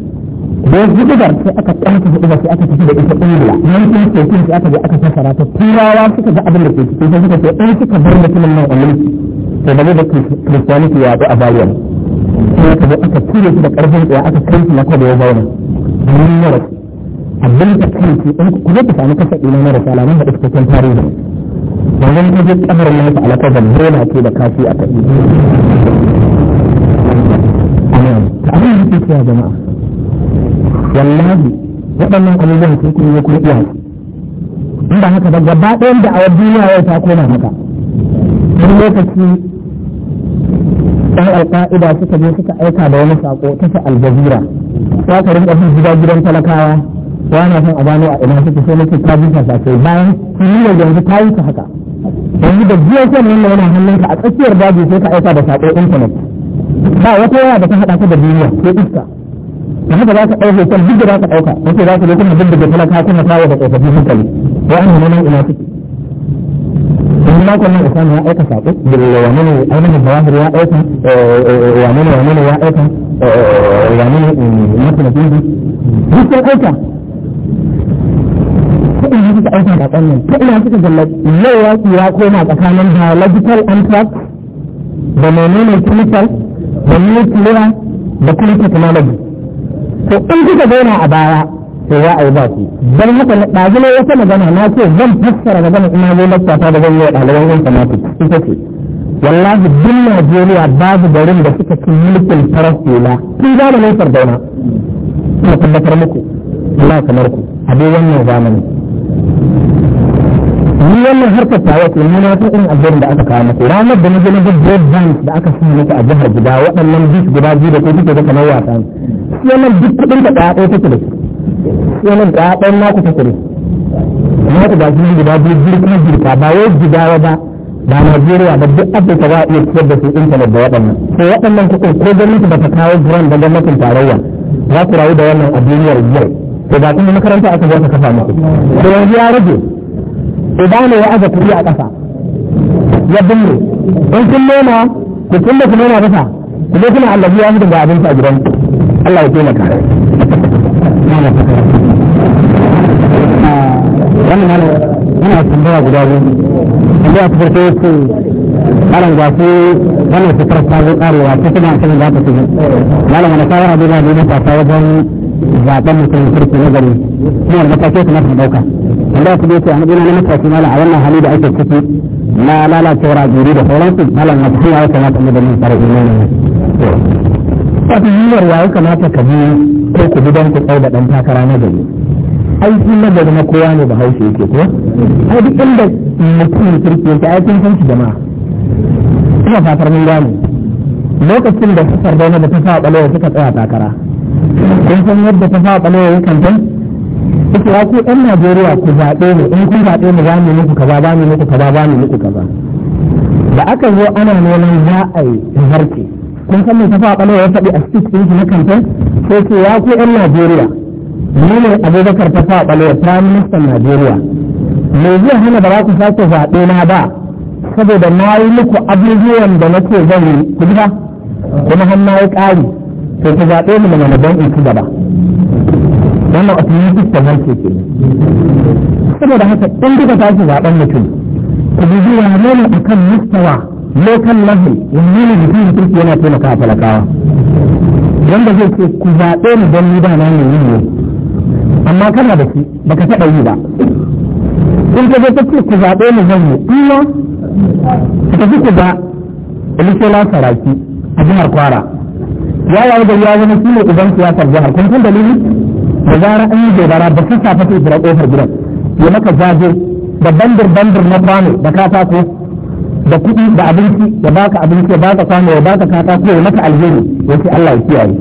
da ya zuɗi da sai aka tsanta hudu ba sai aka tafi da ita ingila nan kuma tekin sai aka je aka fassara ta turawa suka ga abin da ke ciki sai suka ce in eh, suka bar mutumin nan a mulki to ba zai da kristiyaniti ya bi a bayan sai ka zo aka ture shi da karfin tsaye aka kai shi na kwado ya zauna domin mara abin da kai ke ɗan ku zai sami kasa ina mara sala mun haɗu kan tarihi yanzu ka je kamar ya ta alaƙa da zola ce da kashi a kaɗi ta abin da ke cewa jama'a wallahi waɗannan abubuwan sun kuma kuma iya in ba haka ba gaba ɗayan da a duniya yau ta koma haka wani lokaci ɗan alƙa'ida suka je suka aika da wani saƙo ta sa aljazira ya ka rinka fi gida gidan talakawa ya na son a gano a ina suke sai nake ta bisa sake bayan kuliyar yanzu ta yi ka haka yanzu da biyan sai nan yana hannunka a tsakiyar daji sai ka aika da saƙo intanet ba wata yawa da ta haɗa ka da duniya ko iska da haka za ka ɗauke kan duk da za ka ɗauka wace za ka zo kuma duk da talaka kuma kawo da ƙofofi hankali wa'annan nan ina suke in na ku nan islam aika saƙo billo wa ainihin bawahir ya aika wa mene ya aika wa mene masana jindi duk aika kuɗin ya suka aika da ƙannan kuɗin ya suka zalla yau ya su koma tsakanin biological anthrax da menene chemical da nuclear da kuma technology to in kuka zauna a baya to za a yi ba su dan haka na ɗazina wata magana na ce zan fassara magana ina zo lakta da zan yi ɗaliban yin kamata ita ce wallahi duk Najeriya babu garin da suka ci mulkin farar hula tun zamanin sardauna ina tabbatar muku Allah kamar ku a dai wannan zamani ni wannan harkar tawa ce ni na ta irin abin da aka kawo muku ranar da na je da ga bread bank da aka sa muku a jihar gida waɗannan bis guda biyu da ko kuke ga kamar wasa wannan duk kuɗin da ɗaya ɗaya take da su yanin da ɗan naku fasiri amma ku da shi guda biyu jirgin jirka ba wai gidawa ba ba Najeriya ba duk Afirka za a iya ciyar da su intanet da waɗannan ko waɗannan kuɗin ko gwamnati ba ta kawo giran da gwamnatin tarayya za ku rayu da wannan a duniyar yau to ba kuma makaranta aka zo ta kafa muku to yanzu ya rage idan ne ya aza kuɗi a ƙasa ya binne in kun nema, ku kun da ku noma kasa ku je kuna allazi ya mutu ga abinci a gidan Allah ya taimaka mana fata ah, wannan mana yana tambaya guda biyu tambaya ta farko yace malam ga shi wannan fitar ta zo karewa ta kuma a cikin zata shiga malam wani kawar da ta wajen zaben mutum kirki na gari kuma ta ce kuma ta tambaya ta ce an gina malam a wannan hali da ake ciki na lalacewar ajiyar da sauransu malam na cikin ya kamata mu da mun fara imani wata hanyar yi kamata ka biyu ko ku bi don ku tsau da ɗan takara na gari aiki na gari na kowa ne da haushe yake ko ai duk inda mutum kirki yake ai kun san shi jama'a ina fatar mun gane lokacin da sarda na da ta sa ɓalewa suka tsaya takara kun san yadda ta sa ɓalewa ya kantan ita ya ku ɗan Najeriya ku zaɓe ne in kun zaɓe mu za mu muku kaza ba mu muku kaza ba mu muku kaza da aka zo ana neman za a yi zarce kun san mai tafa ɓalo ya faɗi a cikin shi na kamfen sai ce ya ku yan Najeriya ni ne Abubakar tafa ɓalo ya Prime Minister Najeriya me zai hana ba za ku sake zaɓe na ba saboda na yi muku abubuwan da nake zan yi ku ji ba kuma har na yi ƙari to ku zaɓe mu daga naban in ci gaba wannan automatic da ce ke saboda haka in ta tashi zaɓen mutum ku ji zuwa nuna akan mustawa lokan level wani ne da zai kirki yana taimaka a talakawa wanda zai ce ku zaɓe ni don ni ba na ne yi ne amma kana da shi ba ka taɓa yi ba in ka zai ce ku zaɓe ni zan yi iya ka tafi ku ba elisola saraki a jihar kwara ya yawo da ya zama shi ne uban siyasar jihar kun san dalili da zara an yi gobara ba su safa ta ibira kofar gidan ya maka zaje da bandir bandir na kwano da katako da kuɗi da abinci ya baka abinci ya baka kwano ya baka katako ya maka alheri ya ce Allah ya kiyaye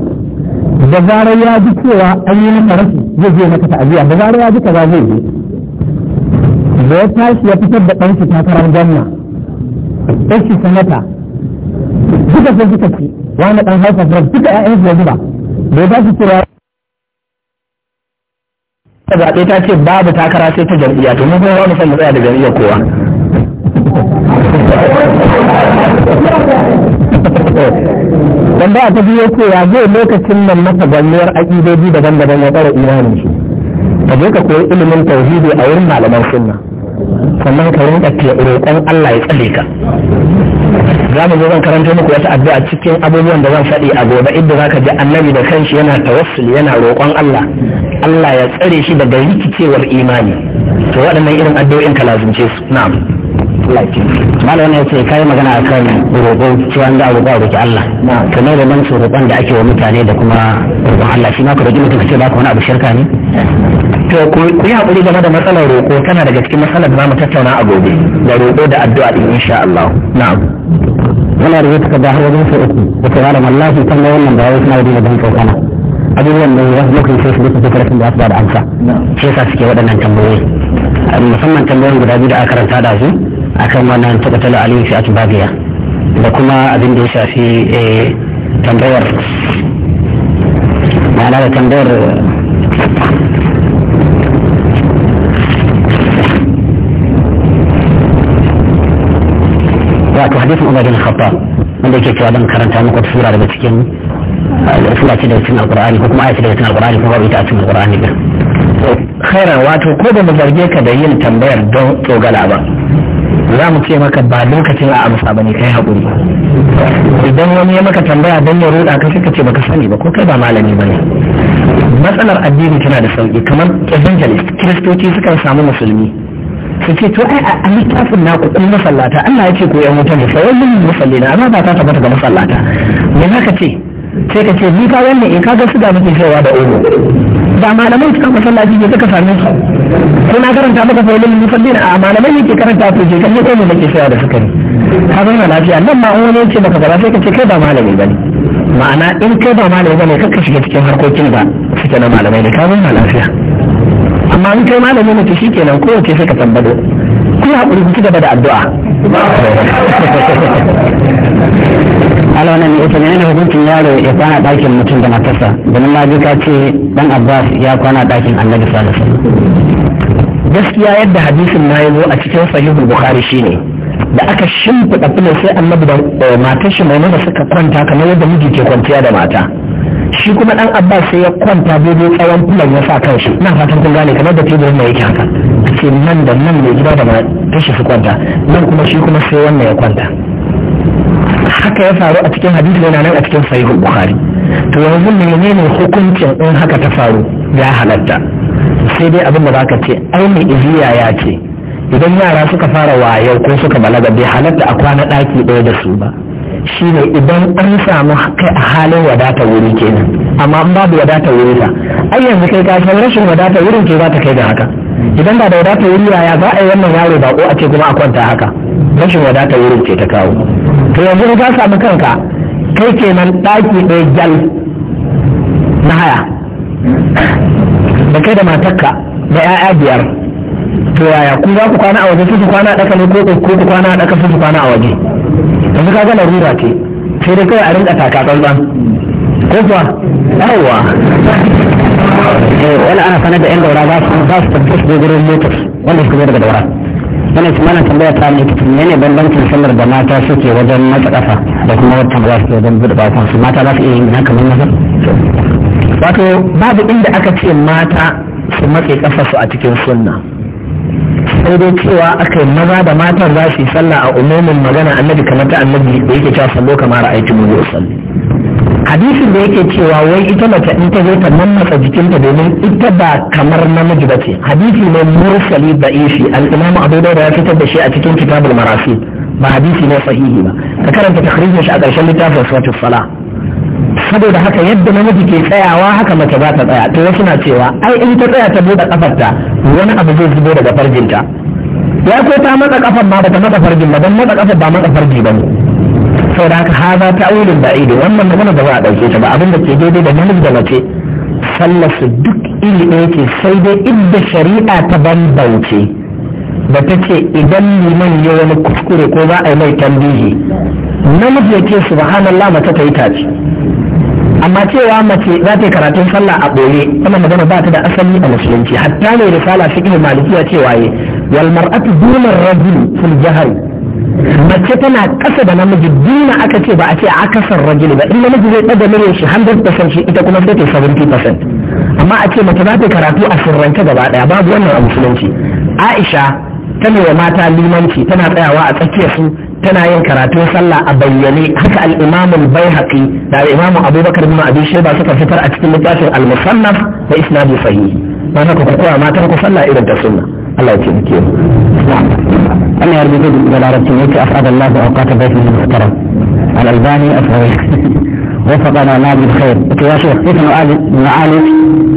da zarar ya ji cewa an yi maka rashi zai je maka ta'aziya da zarar ya ji kaza zai je da ya tashi ya fitar da ta takarar janna ɗansu sanata duka sai suka ci wani ɗan haifar da duka su ya zuba da ya tashi cewa ta zaɓe ta ce babu takara sai ta jam'iyya to mun kuma wani son mu tsaya da jam'iyyar kowa tambaya ta biyo ce ya zai lokacin nan masa ganiyar aƙidoji daban-daban ya tsara imanin shi ka je ka koyi ilimin tauhidi a wurin malaman sunna sannan ka rinka roƙon Allah ya tsare ka za mu zo zan karanta muku wata addu'a cikin abubuwan da zan faɗi a gobe inda zaka ji annabi da kanshi yana tawassul yana roƙon Allah Allah ya tsare shi daga rikicewar imani to waɗannan irin addu'o'in ka lazumce su na'am Allah ce malam ne yace kai magana akan roƙo cewa an da roƙo roƙi Allah to ne da banci roƙon da ake wa mutane da kuma roƙon Allah shi ma ku roƙi mutum ce ba ka wani abu shirka ne to ku yi haƙuri game da matsalar roƙo tana daga cikin matsalar da zamu tattauna a gobe da roƙo da addu'a din insha Allah na'am wannan da yake da har wajen sai uku da ta malam Allah shi kan wannan da wai suna da ban kana abubuwan da ya lokacin sai su duka karfin da ba da amsa shi yasa suke waɗannan tambayoyi musamman tambayoyin guda biyu da aka karanta da su akan wannan tabbatar aliyu fi atbabiya da kuma abin da ya shafi tambayar ma'ana da tambayar wato hadisin umar bin khattab wanda yake cewa dan karanta muku sura daga cikin sura ce daga cikin alqur'ani ko kuma ayat daga cikin alqur'ani ko babu ita a cikin alqur'ani ba khairan wato ko ba mu zarge ka da yin tambayar don tsogala ba za mu ce maka ba lokacin a amsa ne kai haƙuri idan wani ya maka tambaya don ya ruɗa ka suka ce baka sani ba ko kai ba malami ne. matsalar addini tana da sauki kamar evangelist kiristoci sukan samu musulmi su ce to ai a littafin naku kun masallata Allah ya ce ko yan wuta ne sai mun musalli na amma ba ta tabbata ga masallata me zaka ce sai ka ce ni eh, ka wannan in kaga su da muke cewa da ugo ba malamai suka masallaci ne suka same su sai na karanta maka faulin musallin a malamai yake karanta su je kalle kai ne nake saya da suka ne ka zauna lafiya nan ma wani yake maka ba sai ka ce kai ba malami ba ne ma'ana in kai ba malami ba ne kakka shiga cikin harkokin ba suke na malamai ne ka zauna lafiya amma in kai malami shi to shikenan kowace sai ka tambado ku haƙuri ku ci gaba da addu'a alwana ne ita ne hukuncin yaro ya kwana ɗakin mutum da matarsa domin na ji ce dan abbas ya kwana ɗakin annabi sallallahu alaihi gaskiya yadda hadisin na yazo a cikin sahihul bukhari shine da aka shimfiɗa filin sai annabi da eh, matar shi mai suka kwanta kamar yadda miji ke kwanciya da mata shi kuma dan abbas sai ya kwanta daidai tsawon filan ya sa kanshi nan fatan kun gane kamar da teburin mai yake haka ce nan da nan mai gida da ta su kwanta nan kuma shi kuma sai wannan ya kwanta haka ya faru a cikin hadisi yana nan a cikin sahihul bukhari to yanzu menene hukuncin in haka ta faru ya halatta sai dai abin da baka ce ai mai iziya ya ce idan yara suka fara wayo ko suka balaga bai halatta a kwana daki ɗaya da su ba shine idan an samu kai a halin wadata wuri kenan amma an babu wadata wuri sa ai yanzu kai ka san rashin wadata wurin ke za ta kai da haka idan ba da wadata wuri yaya za a yi wannan yaro ba ko a ce kuma a kwanta haka rashin wadata wurin ke ta kawo to yanzu ka samu kanka kai kenan ɗaki ɗaya gyal na haya da kai da matarka da 'ya'ya biyar to yaya ku za ku kwana a waje su su kwana a ɗaka ne ko ku kwana a ɗaka su su kwana a waje yanzu ka ga larura ce sai dai kawai a rinka taka tsantsan ko kuwa yawwa eh, wani ana sanar da yan daura za su za su tabbata gurin motar wanda suka zo daga daura wani su mana tambaya ta ne ta ne ne bambancin sanar da mata suke wajen matsa ƙasa da kuma wata ba su wajen buɗe bakon su mata za su iya yin haka kamar maza wato babu inda aka ce mata su matse kasa su a cikin sunna sai dai cewa aka yi maza da matan za su yi sallah a umumin magana annabi kamar ta annabi da yake cewa sallo kamar aiki mu yau salli hadisin da yake cewa wai ita mace in ta zo ta mammatsa jikinta domin ita ba kamar namiji ba ce hadisi ne mursali da ishi al-imamu abu ya fitar da shi a cikin kitabul marasi ba hadisi ne sahihi ba ka karanta takhrijin shi a ƙarshen littafin suratul salah saboda haka yadda namiji ke tsayawa haka mace ba ta tsaya to wasu na cewa ai in ta tsaya ta buɗe kafarta wani abu zai zubo daga farjinta ya ko ta matsa kafar ma bata matsa farjin ba don matsa kafar ba matsa farji ba ne da haka haza ta aulin ba ido wannan magana ba za a ɗauke ta ba abin da ke daidai da namiji da mace sallar duk iri ɗaya ce sai dai idda shari'a ta bambance da ta ce idan liman ya wani kuskure ko za a yi mai tambihi namiji ya ce subhanallah mace ta yi tace amma cewa mace za ta yi karatun sallah a ɓoye tana magana ba ta da asali a musulunci hatta mai risala fiqh malikiya cewa ye wal mar'atu duna rajul fil jahl mace tana kasa da namiji duna aka ce ba a ce akasar rajul ba in namiji zai ɗaga mure shi 100% shi ita kuma sai ta 70% amma a ce mace za ta karatu a sirrance gaba daya babu wannan a musulunci aisha ta wa mata limanci tana tsayawa a tsakiyar su tana yin karatun sallah a bayyane haka al-imamul baihaqi da al-imamu abubakar bin abi shayba suka fitar a cikin littafin al-musannaf da isnadu sahihi don haka ku koya matan ku sallah irin ta sunna Allah ya taimake mu Allah ya rubuta da larabcin yake afadallahu awqata baitul muhtaram al-albani afawai وفقنا الله بالخير يا شيخ كيف نعالج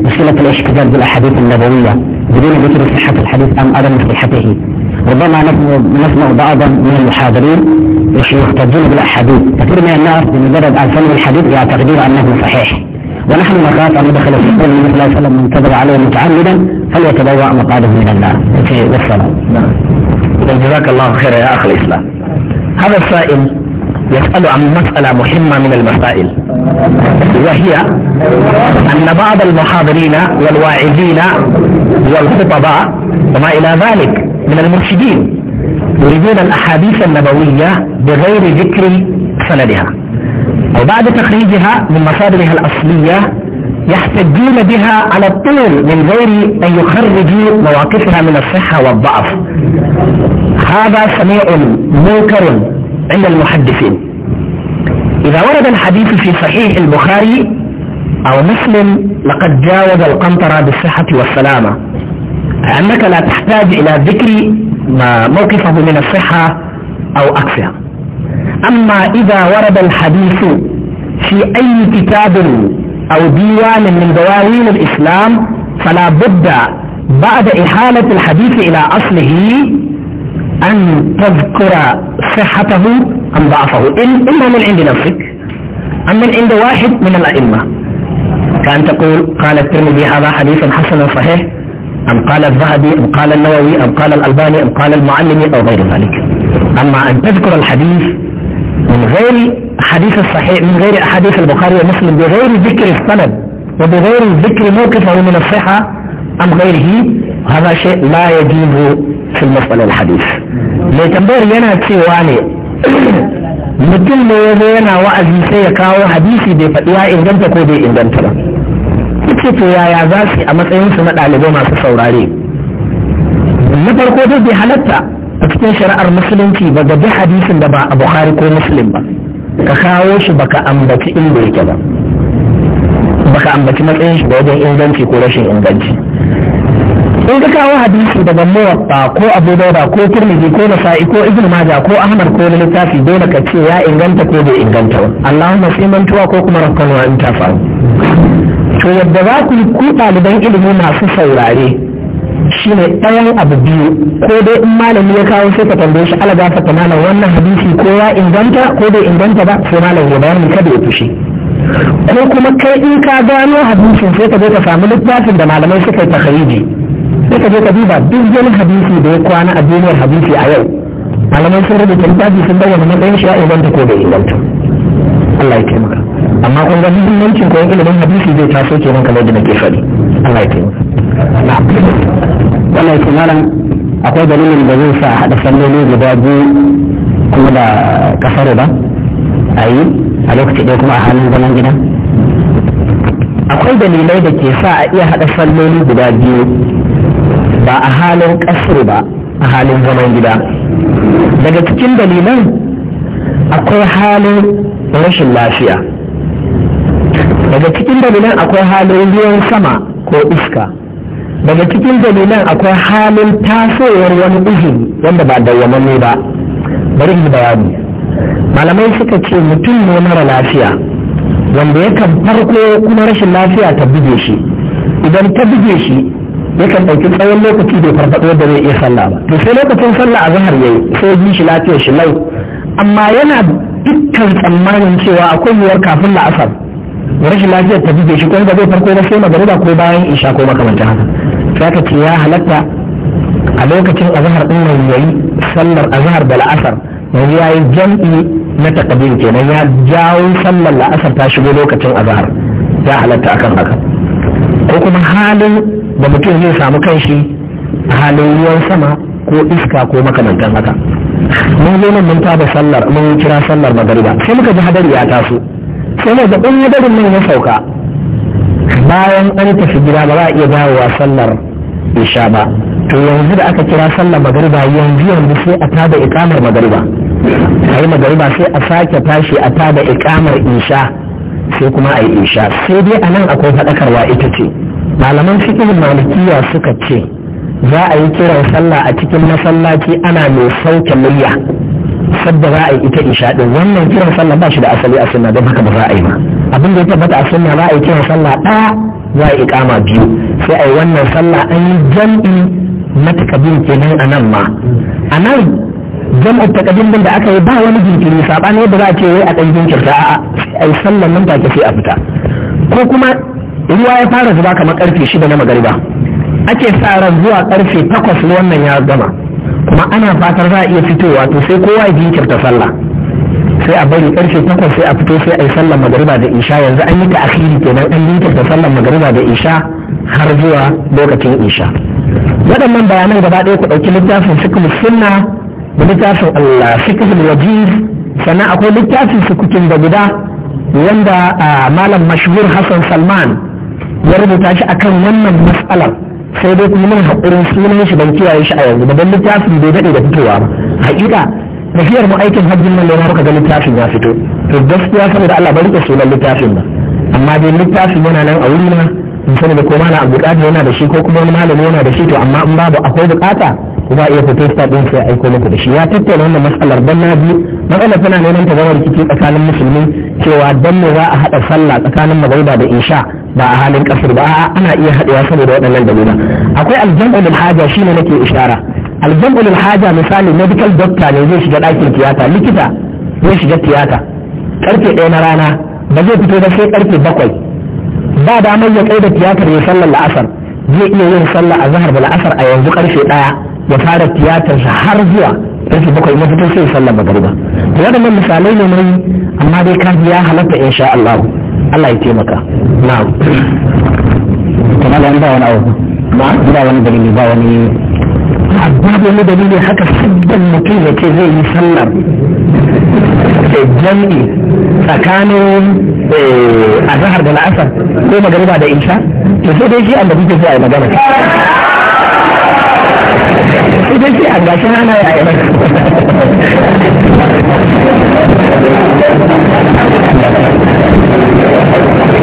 مشكلة الاشتغال بالاحاديث النبوية بدون ذكر صحة الحديث أم عدم صحته ربما نسمع بعضا من المحاضرين يحتجون بالأحاديث كثير من الناس بمجرد أن سمعوا الحديث يعتقدون أنه صحيح ونحن نخاف أن ندخل في قول النبي صلى الله عليه وسلم من عليه متعمدا فليتبوأ مقعده من النار نعم جزاك الله خيرا يا أخ الإسلام هذا السائل يسأل عن مسألة مهمة من المسائل وهي أن بعض المحاضرين والواعظين والخطباء وما إلى ذلك من المرشدين يريدون الأحاديث النبوية بغير ذكر سندها وبعد تخريجها من مصادرها الأصلية يحتجون بها على الطول من غير أن يخرجوا مواقفها من الصحة والضعف هذا سميع منكر عند المحدثين إذا ورد الحديث في صحيح البخاري أو مسلم لقد جاوز القنطرة بالصحة والسلامة أنك لا تحتاج إلى ذكر ما موقفه من الصحة أو أكثر أما إذا ورد الحديث في أي كتاب أو ديوان من دواوين الإسلام فلا بد بعد إحالة الحديث إلى أصله أن تذكر صحته أم ضعفه إما من عند نفسك أم من عند واحد من الأئمة كأن تقول قال الترمذي هذا حديث حسن صحيح أم قال الذهبي أم قال النووي أم قال الألباني أم قال المعلمي أو غير ذلك أما أن تذكر الحديث من غير حديث الصحيح من غير أحاديث البخاري ومسلم بغير ذكر السند وبغير ذكر موقفه من الصحة أم غيره هذا شيء لا يجيب fil matsalar hadis mai tambayar yana cewa ne mutum ne ya zo yana wa'azi sai ya kawo hadisi bai faɗi ya inganta ko bai inganta ba ce to yaya za su a matsayin su na ɗalibai masu saurare na farko dai bai halatta a cikin shari'ar musulunci ba ga hadisin da ba a bukhari ko muslim ba ka kawo shi baka ambaci inda yake ba baka ambaci matsayin shi da wajen inganci ko rashin inganci sun ka kawo hadisi daga muwatta ko abu dauda ko turmiji ko nasa'i ko ibn maja ko ahmad ko na littafi dole ka ce ya inganta ko bai inganta ba allahumma sai mantuwa ko kuma rakkanwa in ta faru to yadda za ku ku ɗaliban ilimi masu saurare shine ɗayan abu biyu ko dai in malami ya kawo sai ka tambaye shi ala gafarta malam wannan hadisi ko ya inganta ko bai inganta ba sai malam ya bayani kada ya fushi ko kuma kai in ka gano hadisin sai ka je ka samu littafin da malamai suka yi ta sai ka je ka duba duk wani hadisi da ya kwana a duniyar hadisi a yau malaman sun rubuta littafi sun bayyana matsayin shi a inganta ko bai inganta Allah ya taimaka amma kun ga muhimmancin koyon ilimin hadisi zai taso kenan kamar da nake faɗi Allah ya taimaka wannan ke malam akwai dalilin da zai sa haɗa salloli guda biyu kuma da kasar ba a yi a lokaci ɗaya kuma a halin zaman gida akwai dalilai da ke sa a iya haɗa salloli guda biyu ba a halin kasar ba a halin zaman gida daga cikin dalilan akwai halin rashin lafiya daga cikin dalilan akwai halin ruwan sama ko iska daga cikin dalilan akwai halin tasowar wani izini wanda ba dawwamanne ba bari yi bayani malamai suka ce mutum ne mara lafiya wanda yakan farko kuma rashin lafiya ta buge shi idan ta buge shi yakan ɗauki tsawon lokaci bai farfaɗo da zai iya sallah ba to sai lokacin sallah a zahar yayi sai ji shi lafiyar shi lau amma yana dukkan tsammanin cewa akwai yiwuwar kafin la'asar rashin lafiyar ta buge shi kuma zai farko ba sai magariba ko bayan isha ko makamantan haka sai ka ce ya halatta a lokacin azahar din nan yayi sallar azahar da la'asar yanzu yayi jam'i na takabir kenan ya jawo sallar la'asar ta shigo lokacin azahar ya halatta akan haka ko kuma halin da mutum zai samu kanshi a halin ruwan sama ko iska ko makamantan haka mun zo nan mun taba sallar mun kira sallar magariba sai muka ji hadari ya taso sai ne da ɗan hadarin nan ya sauka bayan an tafi gida ba za a iya dawowa sallar isha ba to yanzu da aka kira sallar magariba yanzu yanzu sai a tada ikamar magariba a yi magariba sai a sake tashi a tada ikamar isha sai kuma a yi isha sai dai a nan akwai faɗakarwa ita ce malaman fiƙin malikiya suka ce za a yi kiran sallah a cikin masallaci ana mai sauke murya sadda za a yi ita isha din wannan kiran sallah ba shi da asali a sunna don haka ba za a yi ba abin da ya tabbata a sunna za a yi kiran sallah ɗaya za a yi ikama biyu sai a yi wannan sallah an yi jam'i na takabin kenan a nan ma a nan jam'ar takabin din da aka yi ba wani jinkiri saɓani yadda za a ce wai a ɗan jinkirta a yi sallah nan take sai a fita ko kuma ruwa ya fara zuba kamar karfe shida na magariba ake sa ran zuwa karfe takwas wannan ya gama kuma ana fatar za a iya fitowa to sai kowa ya jinkirta sallah sai a bari karfe takwas sai a fito sai a yi sallar magariba da isha yanzu an yi ta asiri kenan an jinkirta sallar magariba da isha har zuwa lokacin isha waɗannan bayanan gaba ɗaya ku ɗauki littafin fikin sunna da littafin allah fikin wajiz sannan akwai littafin sukukin da guda wanda ah, malam mashhur hassan salman ya rubuta shi akan wannan matsalar sai dai kuma mun haƙurin sunan shi ban kiyaye shi a yanzu ba don littafin bai daɗe da fitowa ba haƙiƙa tafiyar mu aikin hajjin nan ne muka ga littafin ya fito to gaskiya saboda Allah bari ka sunan littafin ba amma dai littafin yana nan a wuri na in da ko na Abu Qadir yana da shi ko kuma wani malami yana da shi to amma in babu akwai bukata za a iya fito sta ɗin sai aiko muku da shi ya tattauna wannan matsalar don na biyu matsalar tana neman ta zama rikici tsakanin musulmi cewa dan ne za a haɗa sallah tsakanin magariba da isha ba a halin kasar ba ana iya haɗewa saboda waɗannan dalila akwai aljam'u lil haja shine nake ishara aljam'u lil haja misali medical doctor ne zai shiga ɗakin tiyata likita zai shiga tiyata karfe ɗaya na rana ba zai fito ba sai karfe bakwai ba damar ya kai da tiyatar ya sallar la'asar zai iya yin sallah a zahar da la'asar a yanzu karfe ɗaya ya fara tiyatar har zuwa karfe bakwai na fito sai sallar magariba da waɗannan misalai ne mai amma dai kan ya halatta in sha Allah Allah ya taimaka na'am kuma da an ba wani abu ba ba wani dalili ba wani ba wani dalili haka sabbin mutum ya ce zai yi sallar da eh, jam'i tsakanin eh, azahar da la'asar ko magariba da insha to sai dai shi annabi ke sai magana ita ce a na ana yaya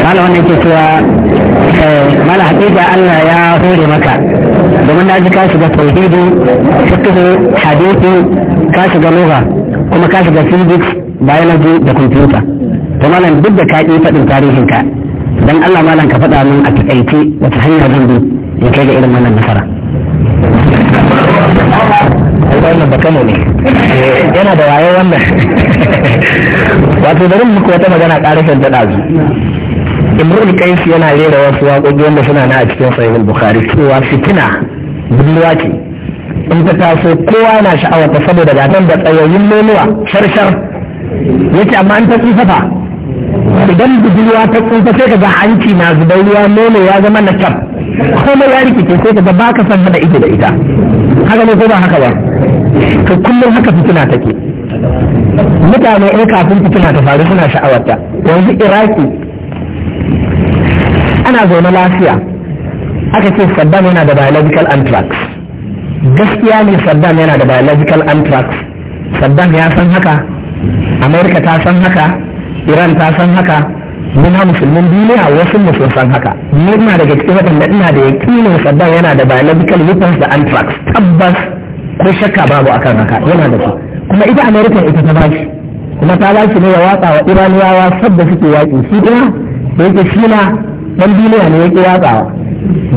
mala wanda ke cewa eh, mala haƙiƙa Allah ya hore maka domin na ji ka shiga tauhidi fikihu hadisi ka shiga lugha kuma ka shiga physics biology da computer to malam duk da ka ƙi tarihin ka dan Allah malam ka faɗa min a aiki wata hanyar zan bi in kai ga irin wannan nasara wannan ba kano ne eh, yana da waye wannan wato bari muku wata magana karashin ta ɗazu imrul kais yana rera wasu waƙoƙi wanda suna na a cikin sahihul bukhari cewa fitina budurwa ce in ta taso kowa na sha'awar ta saboda ga nan da tsayayyun nonuwa sharshar yace amma an ta tsufafa idan budurwa ta tsufa sai ka ga hanci na zubar ruwa nono ya zama na cap komai ya rikice sai ka ba ka san hada ita da ita haka ne ko ba haka ba to kullum haka fitina take mutane in kafin fitina ta faru suna sha'awarta yanzu iraki ana zaune lafiya aka ce saddam yana da biological anthrax gaskiya ne saddam yana da biological anthrax saddam ya san haka amerika ta san haka iran ta san haka muna musulmin duniya wasu musulmin haka ni ina daga cikin waɗanda ina da yakinin saddam yana da biological weapons da anthrax tabbas ko shakka babu akan haka yana da su kuma ita america ita ta bashi kuma ta bashi ne ya watsa wa iraniyawa sabda suke yaƙi shi ina da yake shi na ɗan duniya ne yake watsawa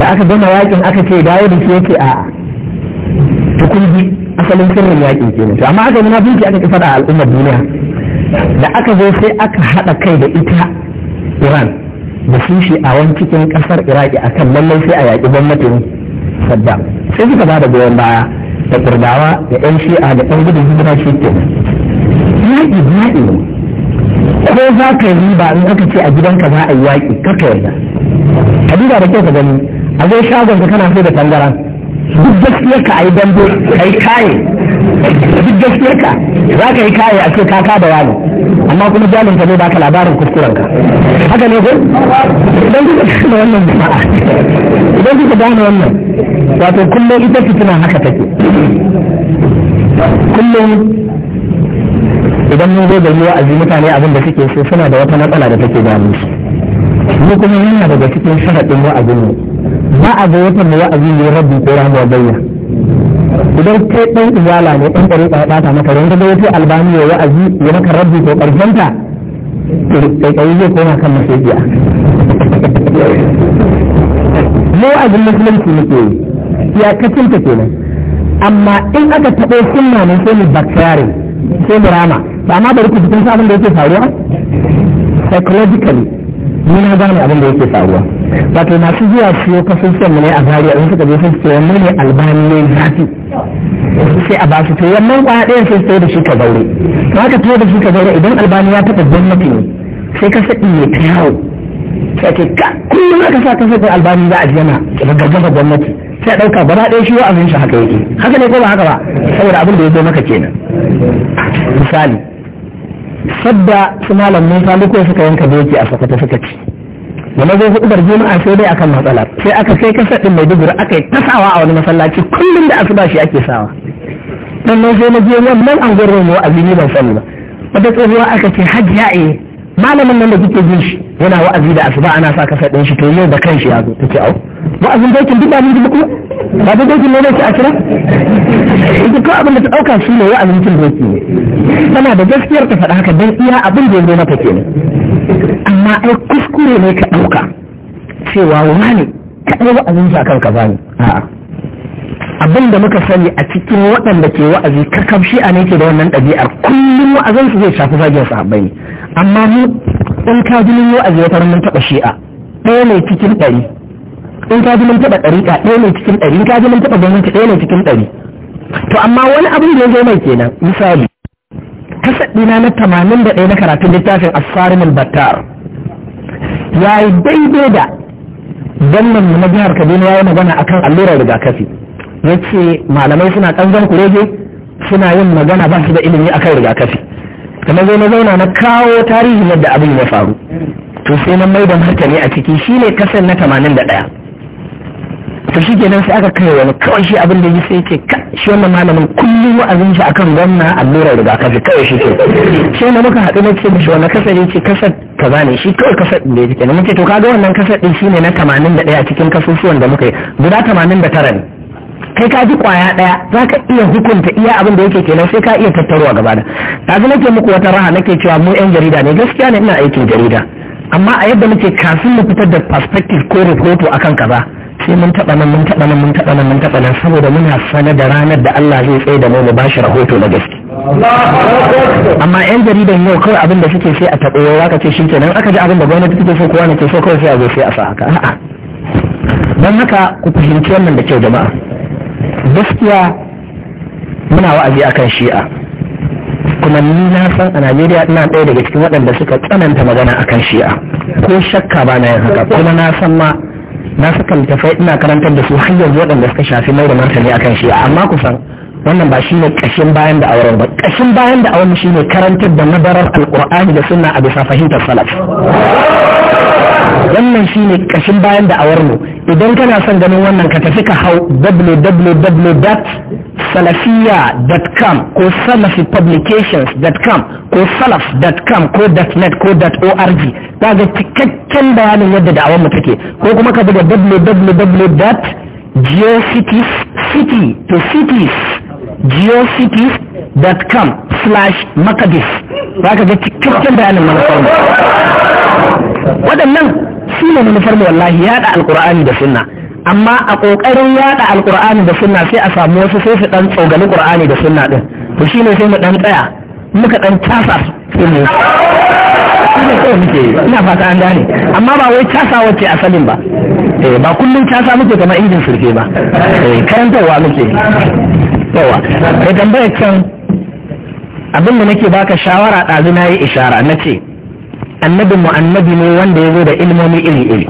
da aka gama yaƙin aka ce dawo da shi yake a tukunji asalin sirrin yaƙin kenan to amma aka yi munafunci aka ki faɗa al'ummar duniya da aka zo sai aka haɗa kai da ita iran da sun shi a wani cikin kasar iraki a kan lallai sai a yaƙi gwamnatin saddam sai suka bada goyon baya da kurdawa da yan shi'a da yan gudun hijira shi ke yaƙi yaƙi ko za ka yi ba in aka ce a gidanka za a yi yaƙi kaka yarda a duba da kyau ka gani a zai shagon ka kana so da tangaran duk gaskiyar ka a yi dambe ka yi kaye duk gaskiyar ka za ka yi kaye a ce ka ka da wani amma kuma jalinta zai baka labarin kuskuren ka haka ne ko idan kuka gane wannan jama'a idan kuka gane wannan wato kullum ita fitina haka take kullum idan mun zo da yi wa'azi mutane abin da suke so suna da wata matsala da take damu su mu kuma yana daga cikin sharaɗin wa'azin ne. ba a ga wata da wa'azi ne rabbi ko ramu bayya idan kai dan iyala ne dan dare ka bata maka ran da wata albani ya wa'azi ya maka rabbi ko karshen ta kai zai koma kan mashayiya mu a jin musulunci muke yi ya kacin ta kenan amma in aka taɓo sunna ne sai mu bakkare sai mu rama ba ma bari ku fitin sa abin da yake faruwa psychologically ni na gane abin da yake faruwa wato masu zuwa siyo kasusuwan mu ne a zariya in suka je sun ce wannan ne albani ne zafi sai a basu to wannan kwaya ɗayan sai su da shi ka zaure to haka to da shi ka zaure idan albani ya taɓa gwamnati ne sai ka saɗi ne ta yawo sai ce ka kullum aka sa kasar da albani za a jiyana gaggaba gwamnati sai a ɗauka gaba ɗaya shi wa'azin shi haka yake haka ne ko ba haka ba saboda abin da ya zo maka kenan misali sadda su malam musa duka suka yanka doki a sakata suka ci da na zo hudubar juma'a sai dai akan matsalar sai aka sai kasa ɗin mai dubura aka yi tasawa a wani masallaci kullum da asuba shi ake sawa dan nan sai na je wannan an gwarwa mu a bini ban sani ba wata tsohuwa aka ce hajji ya'e eh, malamin nan da kuke jin shi yana wa'azi da asuba ana sa kasa ɗin shi to yau da kanshi ya zo ta ce au wa'azin dokin duk ba mun dubu ba da dokin ne doki a kira ita ko abin da ta ɗauka shi ne wa'azin cin doki ne tana da gaskiyar ta faɗa haka don iya abin da ya zo mata kenan amma ai kuskure ne ka ɗauka cewa wani kaɗai wa'azin sa kanka ba ne abin da muka sani a cikin waɗanda ke wa'azi kakam a ne ke da wannan ɗabi'ar kullum wa'azin su zai shafi fagen sahabbai ne amma mu in ka ji mun wa'azi ziyartar mun taɓa shi'a ɗaya ne cikin ɗari in ka ji mun taɓa ka ɗaya ne cikin ɗari in ka ji mun taɓa gwamnati ɗaya ne cikin ɗari to amma wani abin da ya zo mai kenan misali kasaɗina na tamanin da ɗaya na karatun littafin asfarin albattar ya yi daidai da mu na jihar kaduna ya yi magana akan allurar rigakafi ya ce malamai suna ƙanzon kurege suna yin magana ba su da ilimi a kan rigakafi da na zo na zauna na kawo tarihin yadda abin ya faru to sai na mai da martani a ciki shi ne kasan na tamanin da ɗaya to shi kenan sai aka kai wani kawai shi abin da yi sai ce ka shi wannan malamin kullum wa'azin shi akan gwamna allurar rigakafi kawai shi ke. sai na muka haɗu na ce mishi wannan kasar yace kasar kaza ne shi kawai kasar da yake kenan muke to kaga wannan kasar din ne na tamanin da ɗaya cikin kasusuwan da muka yi guda tamanin da tara ne kai ka ji kwaya daya za ka iya hukunta iya abin da yake kenan sai ka iya tattaruwa gaba da yanzu nake muku wata raha nake cewa mu yan jarida ne gaskiya ne ina aikin jarida amma a yadda muke kafin mu fitar da perspective ko rahoto akan kaza sai mun taɓa nan mun taɓa nan mun taɓa nan mun taɓa nan saboda muna sane da ranar da Allah zai tsaye da mu mu bashi rahoto na gaske amma yan jaridan yau kawai abin da suke sai a tabo yau ka ce shikenan aka ji abin da gwamnati take so kowa na ke so kawai sai a zo sai a sa haka a'a dan haka ku fahimci wannan da kyau jama'a gaskiya muna wa'azi akan shi'a kuma ni na san a najeriya ina ɗaya daga cikin waɗanda suka tsananta magana akan shi'a ko shakka ba na yin haka kuma na san ma na saka littafai ina karantar da su har yanzu waɗanda suka shafi mai da martani akan shi'a amma kusan wannan ba shine kashin bayan da auren ba kashin bayan da auren shine karantar da madarar alkur'ani da sunna a bisa fahimtar salaf wannan shine kashin bayan da awarmu idan kana son ganin wannan ka tafi ka hau www.salafiya.com ko salafipublications.com ko salaf.com ko .net ko .org ta ga cikakken bayanin yadda da'awarmu take ko kuma ka buga wwwgeocitiescom city slash makadis za ka ga cikakken bayanin manufar waɗannan su ne manufar mu wallahi yaɗa alƙur'ani da sunna amma a ƙoƙarin yaɗa alƙur'ani da sunna sai a samu wasu sai su ɗan tsogali ƙur'ani da sunna ɗin to shi ne sai mu ɗan tsaya muka ɗan casa su ne. ina fata an gane amma ba wai casa wacce asalin ba eh, ba kullum casa muke kama injin surfe ba eh, karantarwa muke yawa da tambayar can abinda nake baka shawara ɗazu na yi ishara na ce annabi mu annabi ne wanda ya zo da ilmomi iri-iri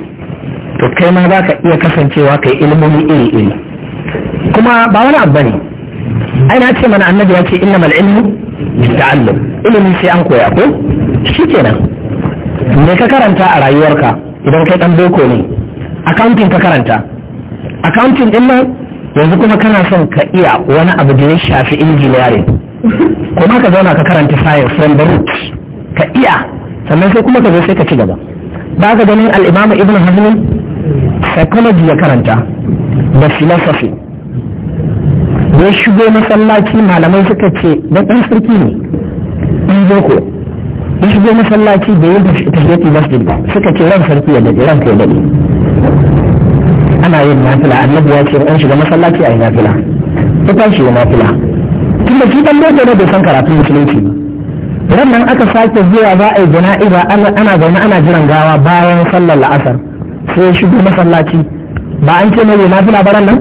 to kai ma za ka iya kasancewa kai ilmomi iri-iri kuma ba wani abu bane ai na ce mana annabi ya ce innamal ilmu bita'allum ilimin sai an koya ko shikenan me ka karanta a rayuwarka idan kai dan boko ne accounting ka karanta accounting din nan yanzu kuma kana son ka iya wani abu da ya shafi engineering kuma ka zauna ka karanta science from the roots ka iya sannan sai kuma ka zo sai ka ci gaba ba ka ganin al'imamu ibn hazmin psychology ya karanta da philosophy ya shigo masallaci malamai suka ce da ɗan sarki ne in zo ya shigo masallaci da yin tafiye masjid ba suka ce ran sarki ya daɗe ran kai daɗe ana yin nafila annabi ya ce an shiga masallaci a yi nafila ta tashi ya nafila tun da shi ɗan lokacin ne bai san karatun musulunci ba ran nan aka sake zuwa za a yi jana'iza ana zaune ana jiran gawa bayan sallar la'asar sai shigo masallaci ba an ce mai na fila baran nan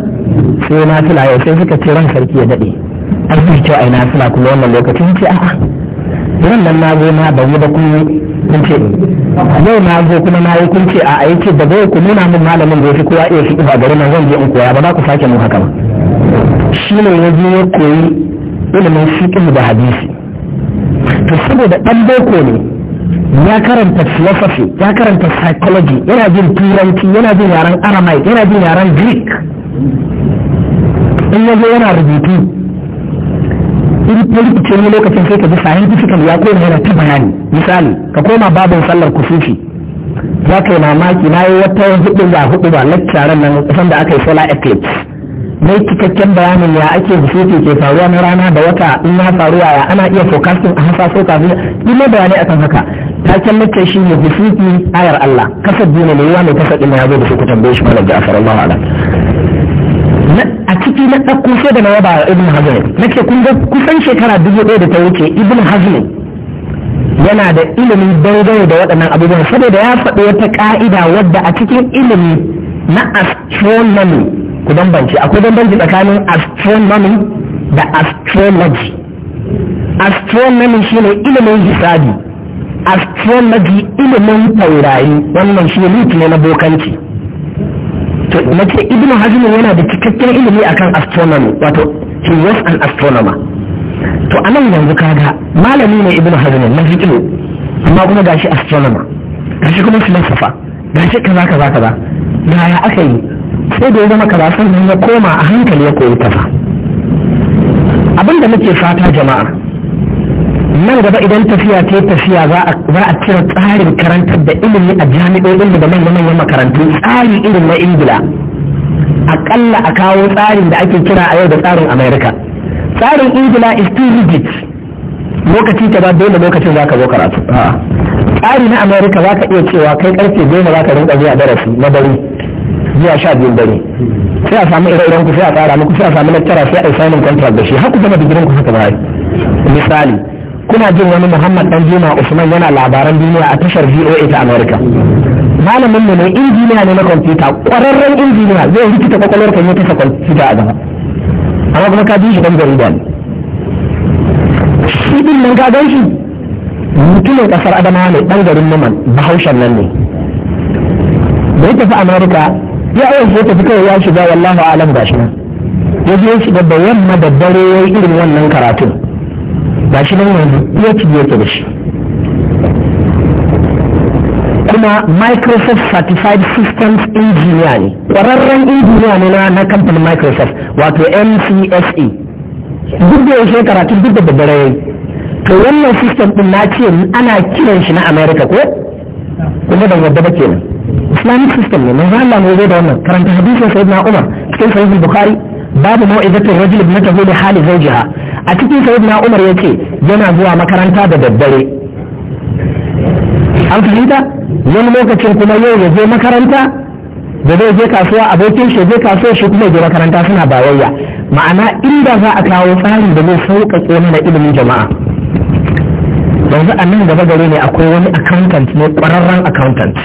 sai na fila yau sai suka ce ran sarki ya daɗe an fi cewa ai na fila kuma wannan lokacin ce a'a ran nan na zo na ban yi ba kun kun ce yau na zo kuma na yi kun ce a a ce da bai ku nuna min malamin da fi kowa iya shi ba gari nan zan je in koya ba za ku sake mun haka ba shi ne ya je ya koyi ilimin shi da hadisi to saboda ɗan boko ne ya karanta philosophy ya karanta psychology yana jin turanci yana jin yaren aramaic yana jin yaren greek in ya yana rubutu in ce ne lokacin sai ka ji scientifical ya koma yana ta bayani misali ka koma babin sallar kusufi za ka yi mamaki na yi wata hudu ba hudu ba nan kusan da aka yi solar eclipse mai cikakken bayanin ya ake busutu ke faruwa na rana da wata in ya faru ya ana iya fokasin a hasaso kafin yi bayanai akan haka taken mace shi ne busutu ayar Allah kasar dina ne yawa mai kasar ɗin ya zo da su ku tambaye shi da Ja'far Allahu alam a ciki na ɗauko sai da na yaba Ibn Hazm nake kun ga kusan shekara dubu ɗaya da ta wuce Ibn Hazm yana da ilimin daidai da waɗannan abubuwan saboda ya faɗi wata ƙa'ida wadda a cikin ilimi na astronomy ku bambance akwai bambanci tsakanin astronomy da astrology astronomy shine ilimin hisabi astrology ilimin taurari wannan shine lutu ne na bokanci to ce ibn hazm yana da cikakken ilimi akan astronomy wato he was an astronomer to a nan yanzu kaga malami ne ibn hazm na fiqh amma kuma gashi astronomer gashi kuma philosopher gashi kaza kaza kaza yaya aka yi sai da ya zama karatun nan ya koma a hankali ya koyi tafa Abinda muke fata jama'a nan gaba idan tafiya ta tafiya za a cire tsarin karantar da ilimi a jami'o'in da manya-manyan makarantu tsari irin na ingila aƙalla a kawo tsarin da ake kira a yau da tsarin america tsarin ingila is too rigid lokaci ta ba dole lokacin za ka zo karatu tsari na america za ka iya cewa kai karfe goma za ka rinka zuwa darasi na dare zuwa sha biyun dare sai a samu ire-iren ku sai a tsara muku sai a samu lecturer sai a yi signing contract da shi har ku gama digirin ku haka ba misali kuna jin wani muhammad dan juma usman yana labaran duniya a tashar voa ta america malamin mu ne injiniya ne na kwamfuta kwararren injiniya zai rikita kwakwalwar kan ya tasa kwamfuta a gaba amma kuma ka ji shi dan jarida ne shi din nan ka gan shi mutumin kasar adamawa ne dan garin naman bahaushen nan ne da ya tafi america ya aiki ya tafi kawai ya shiga wallahu alam shi nan ya je ya shiga da yamma da dare ya yi irin wannan karatun shi nan yanzu ya ci yake da shi kuma microsoft certified systems engineer ne ƙwararren engineer ne na kamfanin microsoft wato mcse duk da yaushe karatun duk da daddare to wannan system din na ce ana kiran shi na america ko kuma da yadda ba kenan islamic system ne manzo Allah ne zai da wannan karanta hadisin na Umar cikin sahih Bukhari babu mau'izatul rajul bi tazwid hali zawjiha a cikin na Umar ya ce yana zuwa makaranta da daddare an fahimta wani lokacin kuma yau ya je makaranta da zai je kasuwa abokin shi zai kasuwa shi kuma je makaranta suna bayayya ma'ana inda za a kawo tsarin da zai sauƙaƙe mana ilimin jama'a yanzu a nan gaba gare ne akwai wani accountant ne ƙwararren accountant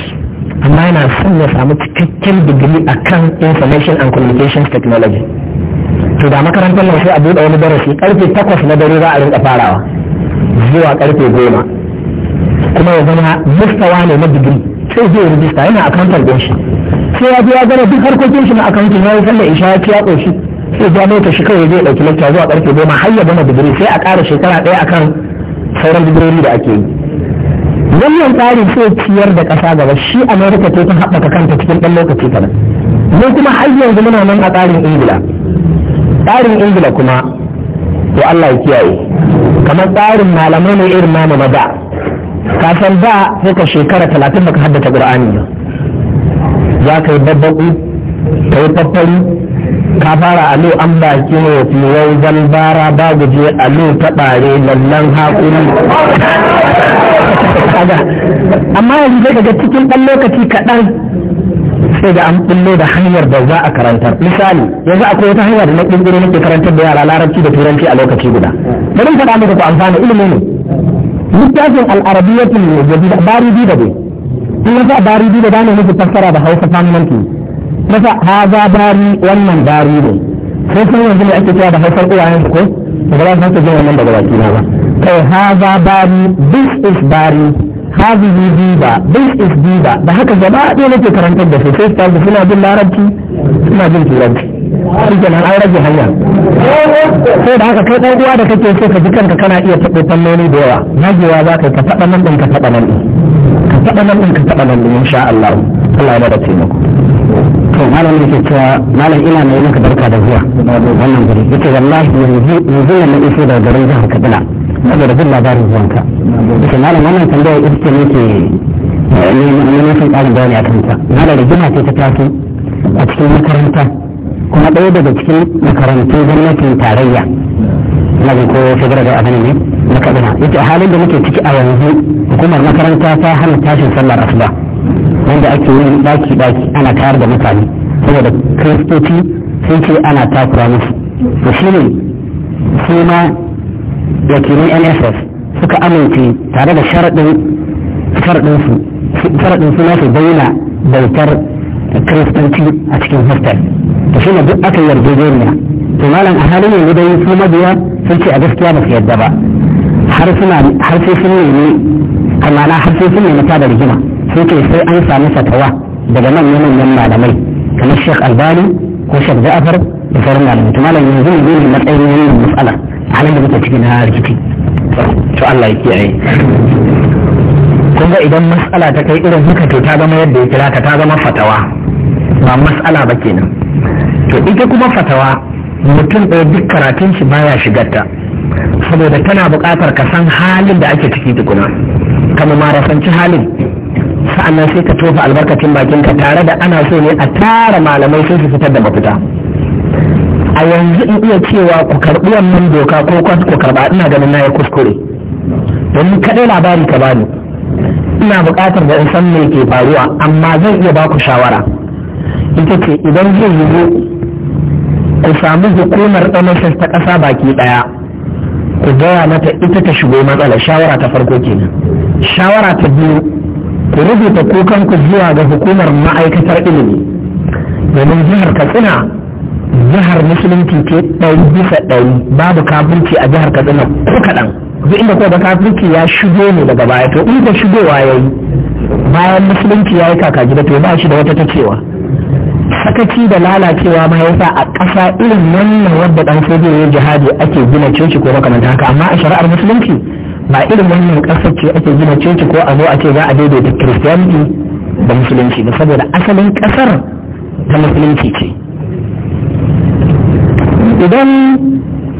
amma yana son ya samu cikakken digiri a kan information and communications technology to da makarantar nan sai a buɗe wani darasi karfe takwas na dare za a rinka farawa zuwa karfe goma kuma ya zama mustawa ne na digiri sai zai rijista yana akantar ɗin shi sai ya je ya gane duk harkokin shi na akantin ya yi sallar isha ya ci ya ƙoshi sai ya ta shi kawai zai ɗauki lakta zuwa karfe goma har ya gama digiri sai a ƙara shekara ɗaya akan sauran digirori da ake yi wannan tsarin sai ciyar da ƙasa gaba shi amerika ce ta haɓaka kanta cikin ɗan lokaci kaɗan mu kuma har yanzu muna nan a tsarin ingila tsarin ingila kuma to allah ya kiyaye kamar tsarin malamai ne irin namu ba kasan ba da sai ka shekara talatin baka haddata ƙur'ani ba za ka yi babban kai faffari ka fara alo an baki ne ya fiwai zambara ba guje alo taɓare lallan haƙuri amma yanzu zai daga cikin ɗan lokaci kaɗan sai da an ɓullo da hanyar da za a karantar misali yanzu akwai wata hanyar da na ƙirƙiro nake karantar da yara larabci da turanci a lokaci guda bari faɗa muku ku amfana ilimi ne littafin al'arabiyyatul jadida baridi da dai in yasa baridi da dana muku fassara da hausa famanci masa haza bari wannan bari ne sai sun yanzu ne ake cewa da haifar uwayen ko da ba za su hanta jin wannan daga baki na ba kai haza bari this is bari hazihi diba this is diba da haka gaba ɗaya nake karantar da su sai su suna jin larabci suna jin turanci shi nan an rage hanya sai da haka kai ɗan uwa da kake so ka ji kanka kana iya faɗo fannoni da yawa nagewa za ka yi ka faɗa nan ɗin ka faɗa nan ɗin ka faɗa nan ɗin ka faɗa nan ɗin insha Allah Allah ya da taimako to malam ne ke cewa malam ina mai maka barka da zuwa wannan gari yake wallahi yanzu yanzu na iso daga garin jihar Kaduna saboda bin labarin zuwanka yake malam wannan tambaya ita ce nake eh, neman sun ƙarin bayani a kanta na da rigima ce ta taso a cikin makaranta kuma ɗaya daga cikin makarantun gwamnatin tarayya na ko shigar da abin ne na kaduna yake halin da muke ciki a yanzu hukumar makaranta ta hana tashin sallar asuba wanda ake yin daki daki ana kayar da mutane saboda kristoci sun ce ana takura musu da shi ne su ma wakilin nss suka amince tare da sharaɗin su na su bayyana bautar kiristanci a cikin hostel da shi ne duk aka yarjejeniya to malam a halin yanzu dai su mabiya sun ce a gaskiya ba su yarda ba har sai sun nemi kamana har sai sun nemi tada rigima sai ke sai an samu fatawa daga manyan manyan malamai kamar shek albani ko shek za'afar da sauran malamai to malam yanzu ne ne matsayin wannan matsala a halin da muke ciki na rikici to Allah ya kiyaye kun ga idan matsala ta kai irin haka to ta zama yadda ya kira ka ta zama fatawa ba matsala ba kenan to ita kuma fatawa mutum ɗaya duk karatun shi baya ta saboda tana buƙatar ka san halin da ake ciki tukuna kama marasanci halin sa'annan sai ka tofa albarkacin bakin ka tare da ana so ne a tara malamai sun su fitar da mafita a yanzu in iya cewa ku karɓi wannan doka ko ku karɓa ina ganin na ya kuskure domin kaɗai labari ka bani ina buƙatar da in san me ke faruwa amma zan iya baku shawara ita ce idan zai yiwu ku samu hukumar ɗanashin ta ƙasa baki ɗaya ku gaya mata ita ta shigo matsala shawara ta farko kenan shawara ta biyu ku rubuta kukanku zuwa ga hukumar ma'aikatar ilimi domin jihar katsina jihar musulunci ke ɗari bisa ɗari babu kafirci a jihar katsina ko kaɗan duk inda kuwa kafirci ya shigo ne daga baya to in ka shigowa ya yi bayan musulunci ya yi kaka gida to ba shi da wata ta cewa sakaci da lalacewa ma yasa a ƙasa irin wannan wadda ɗan sojoji jihadi ake gina coci ko makamanta haka amma a shari'ar musulunci ba irin wannan ƙasar ce ake gina coci ko a zo a ce za a daidaita kiristiyaniti da musulunci ba saboda asalin ƙasar ta musulunci ce idan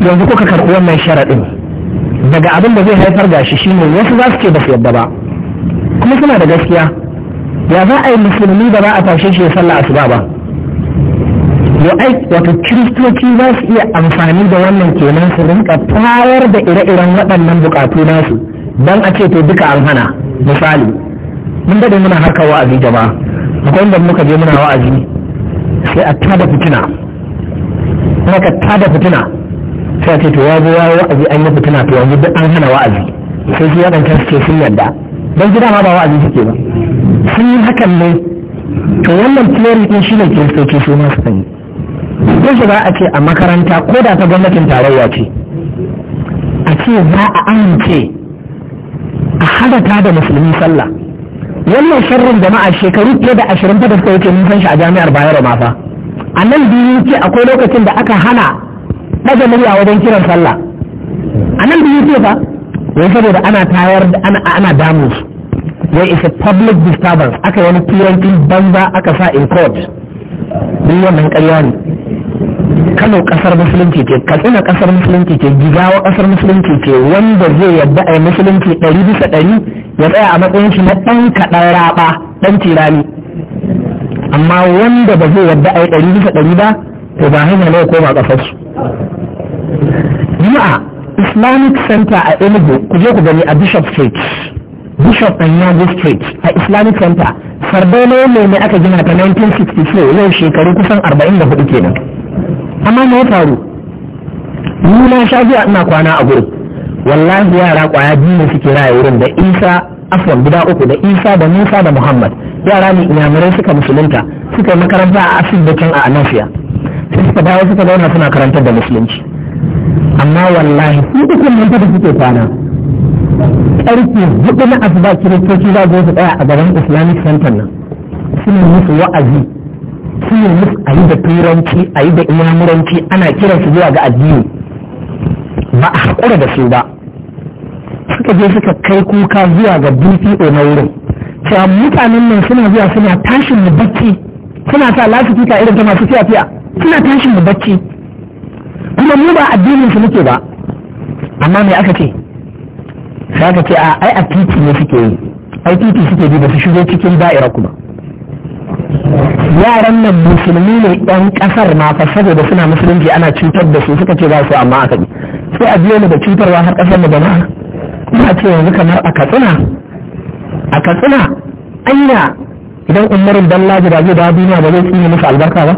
yanzu kuka karɓi wannan sharaɗin daga abin da zai haifar ga shi shine wasu za su ce ba su yadda ba kuma suna da gaskiya ya za a yi musulmi da za a tashe shi ya sallah asuba ba ai wato kiristoci za su iya amfani da wannan kenan su rinka tayar da ire-iren waɗannan bukatu nasu don a ce to duka an hana misali mun daɗe muna harkar wa'azi jama'a akwai inda muka je muna wa'azi sai a tada fitina kuma ka tada fitina sai a ce to ya zo wa'azi an yi fitina to yanzu duk an hana wa'azi sai su waɗancan su ce sun yarda don gida ma ba wa'azi suke ba sun yi hakan ne to wannan tileri ɗin shi ne kiristoci su ma su kan shi za a ce a makaranta ko da ta gwamnatin tarayya ce a ce za a amince a hadata da musulmi sallah wannan sharrin jama'a shekaru fiye da ashirin ta da suka wuce mun san shi a jami'ar bayero ma fa a nan biyu ce akwai lokacin da aka hana ɗaga murya wajen kiran sallah a nan biyu ce fa wai saboda ana tayar da ana damu su wai is a public disturbance aka wani turancin banza aka sa in court duk wannan ƙarya ne kano kasar musulunci ce katsina kasar musulunci ce gizawa kasar musulunci ce wanda zai yadda a yi musulunci ɗari bisa ɗari ya tsaya a matsayin shi na ɗan kaɗan raɓa ɗan tirani amma wanda ba zai yadda a yi ɗari bisa ɗari ba to ba hanya ne ko ba ƙasar su jama'a islamic center a enugu ku je ku gani a bishop street bishop and Yago street a islamic center sardauna ne ne aka gina ta 1964 yau shekaru kusan 44 kenan amma me ya faru ni na sha ina kwana a gurin wallahi yara kwaya biyu ne suke raya wurin da isa afwan guda uku da isa da musa da muhammad yara ne inyamurai suka musulunta suka yi makaranta a asibitin da can a anafiya sai suka dawo suka zauna suna karantar da musulunci amma wallahi su dukkan manta da suke kwana ƙarfi hudu na asuba kiristoci za su tsaya a gaban islamic center nan suna musu wa'azi musu a yi da turanci a yi da imamuranci ana kiransu zuwa ga addini ba a haƙura da su ba suka je suka kai kuka zuwa ga dpo na wurin cewa mutanen nan suna zuwa suna tashin da bacci suna sa lasifika irin ta masu fiya-fiya suna tashin da bacci kuma mu ba addinin su muke ba amma me aka ce sai aka ce a ai a titi ne suke yi ai titi suke bi ba su shigo cikin da'ira kuma yaran nan musulmi ne ɗan ƙasar ma fa saboda suna musulunci ana cutar da su suka ce za su amma aka bi sai a biyo mu da cutarwa har ƙasar mu da ma kuma ce yanzu kamar a katsina a katsina aina idan umarin dan laji da zai dawo duniya ba zai tsinye musu albarka ba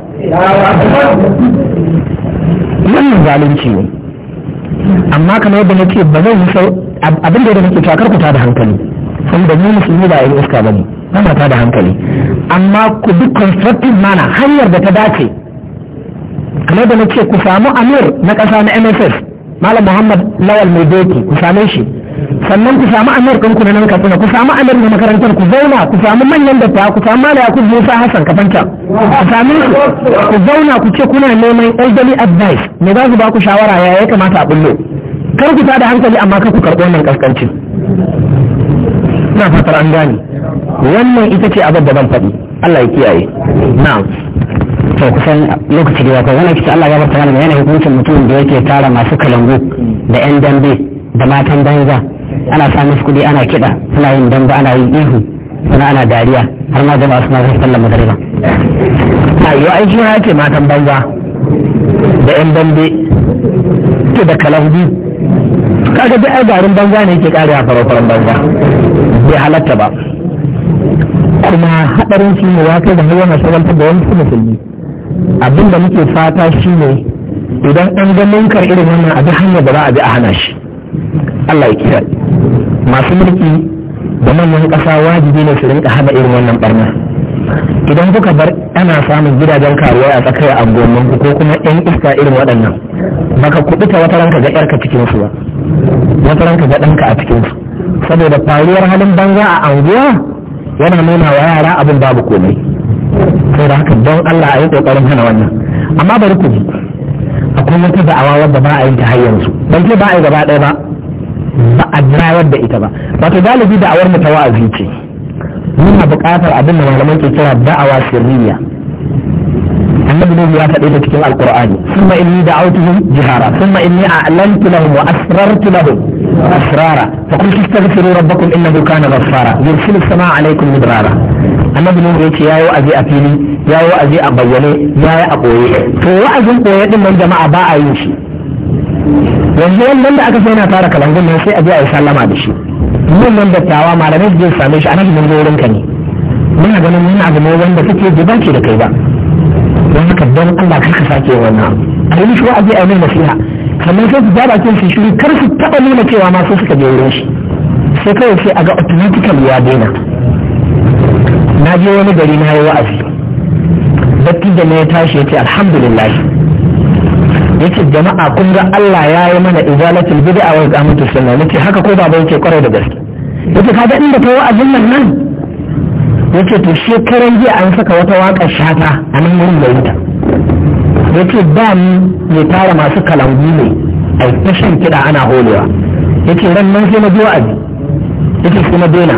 wannan zalunci ne amma kamar yadda nake ba zan yi abin da nake ku ta da hankali saboda mu musulmi ba a yi iska ba ne mamata da hankali amma ku bi constructive mana hanyar da ta dace kamar da ce ku samu amir na ƙasa na mss malam muhammad lawal mai doki ku same shi sannan ku samu amir ɗin ku na nan kafin ku samu amir na makarantar ku zauna ku samu manyan da ku samu malaya ku musa hassan kafin can ku samu ku zauna ku ce kuna neman elderly advice me za su ba ku shawara ya ya kamata a bullo kar ku tada hankali amma kar ku karɓi wannan kaskancin ina fatar an gane wannan ita ce abin da ban faɗi Allah ya kiyaye na'am to kusan lokaci da ya wannan kici Allah ya barta mana yana hukuncin mutum da yake tara masu kalangu da yan dambe da matan banza ana sa musu kudi ana kiɗa suna yin dambe ana yin ihu suna ana dariya har ma jama'a suna zai sallar a yi wa aiki ya ce matan banza da yan dambe ke da kalangu kaga duk ai garin banza ne yake kare a farofaron banza bai halatta ba kuma haɗarin shi ne ya kai da yana shagaltar da wani musulmi abin da muke fata shi ne idan an ga munkar irin wannan a bi hanyar da za a bi a hana shi Allah ya kira masu mulki da manyan ƙasa wajibi ne su rinka hana irin wannan barna idan kuka bar ana samun gidajen karuwa a tsakiyar angonin ko kuma yan iska irin waɗannan baka kuɗuta wata ranka ga yarka cikin su ba wata ranka ga ɗanka a cikin su saboda faruwar halin banza a anguwa yana nuna wa yara abin babu komai sai da haka don Allah a yi kokarin hana wannan amma bari ku akwai wata da'awa wadda ba a yin ta har su ban ce ba a yi gaba ɗaya ba ba a dawar da ita ba wato galibi da'awar mu ta wa'azi ce muna buƙatar abin da malaman ke kira da'awa sirriya annabi ne ya faɗe ta cikin alqur'ani summa inni da'awtuhum jihara summa inni a'lantu lahum wa asrartu lahum أسرارا فقلت استغفروا ربكم إنه كان غفارا يرسل السماء عليكم مدرارا annabi nuhu ya ce yayi wa'azi a fili yayi wa'azi a bayyane yayi a koye to wa'azin koye din man jama'a ba yin shi yanzu wannan da aka sai na fara kalangun nan sai a je a yi sallama da shi mun nan dattawa malamai su je same shi a nan mun zo wurinka ne muna ganin muna abu ne wanda kake jibanci da kai ba don haka don Allah kar ka sake wannan a yi shi wa'azi a yi nasiha kamar sai su ja bakin su shiru kar su taɓa nuna cewa ma su suka je wurin shi sai kawai sai a ga automatically ya daina na je wani gari na yi wa'azi dattijo ne ya tashi ya ce alhamdulillah yace jama'a kun ga Allah ya yi mana izalatul bid'a wa iqamatus sunna nace haka ko baba yake kwarai da gaske ka kaga inda ta wa'azin nan nan yace to shekaran jiya an saka wata waƙar shata a nan wurin da ya ce ba mu ya tara masu kalangu ne a ta shan kiɗa ana holewa ya ce ran nan sai na biyo aji ya ce sai na daina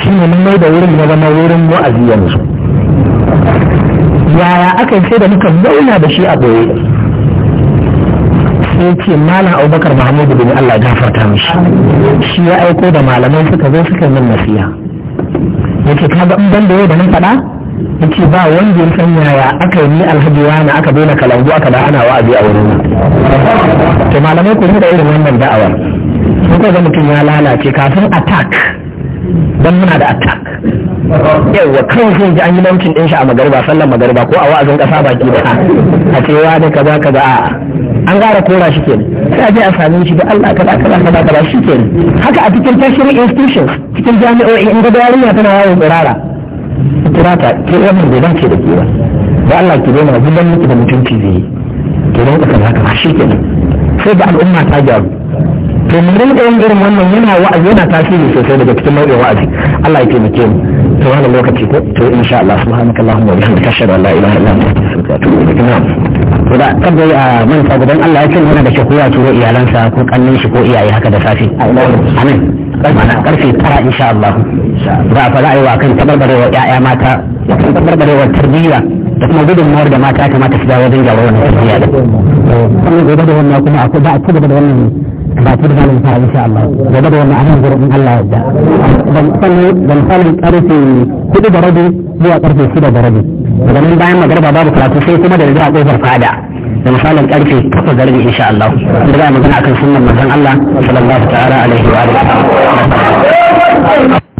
shi ne mun mai da wurin na zama wurin wa'azi yanzu yaya aka yi sai da muka zauna da shi a ɓoye sai ce malam abubakar mahamudu bin allah gafarta mishi shi ya aiko da malamai suka zo suka min nasiha ya ce ka ga in ban da yau da nan faɗa yace ba wanda ya san yaya aka yi alhaji wani aka bai na kalangu aka da ana wa'azi a wurin to malamai ku da irin wannan da'awar sun ko ga mutum ya lalace kafin attack dan muna da attack yawa kan sun ji an yi mamcin din shi a magariba sallan magariba ko a wa'azin kasa baki da a cewa da kaza kaza a'a an gara kora shi ke sai a je a same shi da Allah kaza kaza kaza kaza shi kenan haka a cikin tertiary institutions cikin jami'o'i in ga yarinya tana yawo tsirara kira ta ke wannan bai dace da ke ba da Allah ki daina gudan miki da mutunci zai yi ke rinka kan haka shi kenan sai da al'umma ta gyaru to mun rinka yin irin wannan yana wa'azi yana tasiri sosai daga cikin nau'in wa'azi Allah ya taimake mu to wani lokaci ko to insha Allah subhanaka Allahumma wa bihamdika ashhadu an la ilaha illa anta astaghfiruka wa atubu ilaik na'am to da kada a manta gudan Allah ya ce da shi ko turo iyalansa ko kannin shi ko iyaye haka da safi amin mana karfe tara insha Allah za a fara aiwa kan tabarbarewa ƴaƴa mata da kan tabarbarewa tarbiyya da kuma gudunmuwar da mata kamata su dawo wajen jawo wannan tarbiyya da kuma gobe da wannan kuma akwai ba a ci gaba da wannan ba su da nisa insha Allah gobe da wannan abin gurbin Allah ya da ban sani ban karfe kudu da rabi zuwa karfe shida da rabi daga nan bayan magarba babu karatu sai kuma da zuwa kofar fada da misalin karfe kafa da rabi insha Allah da za a magana akan sunan manzon Allah sallallahu ta'ala alaihi wa alihi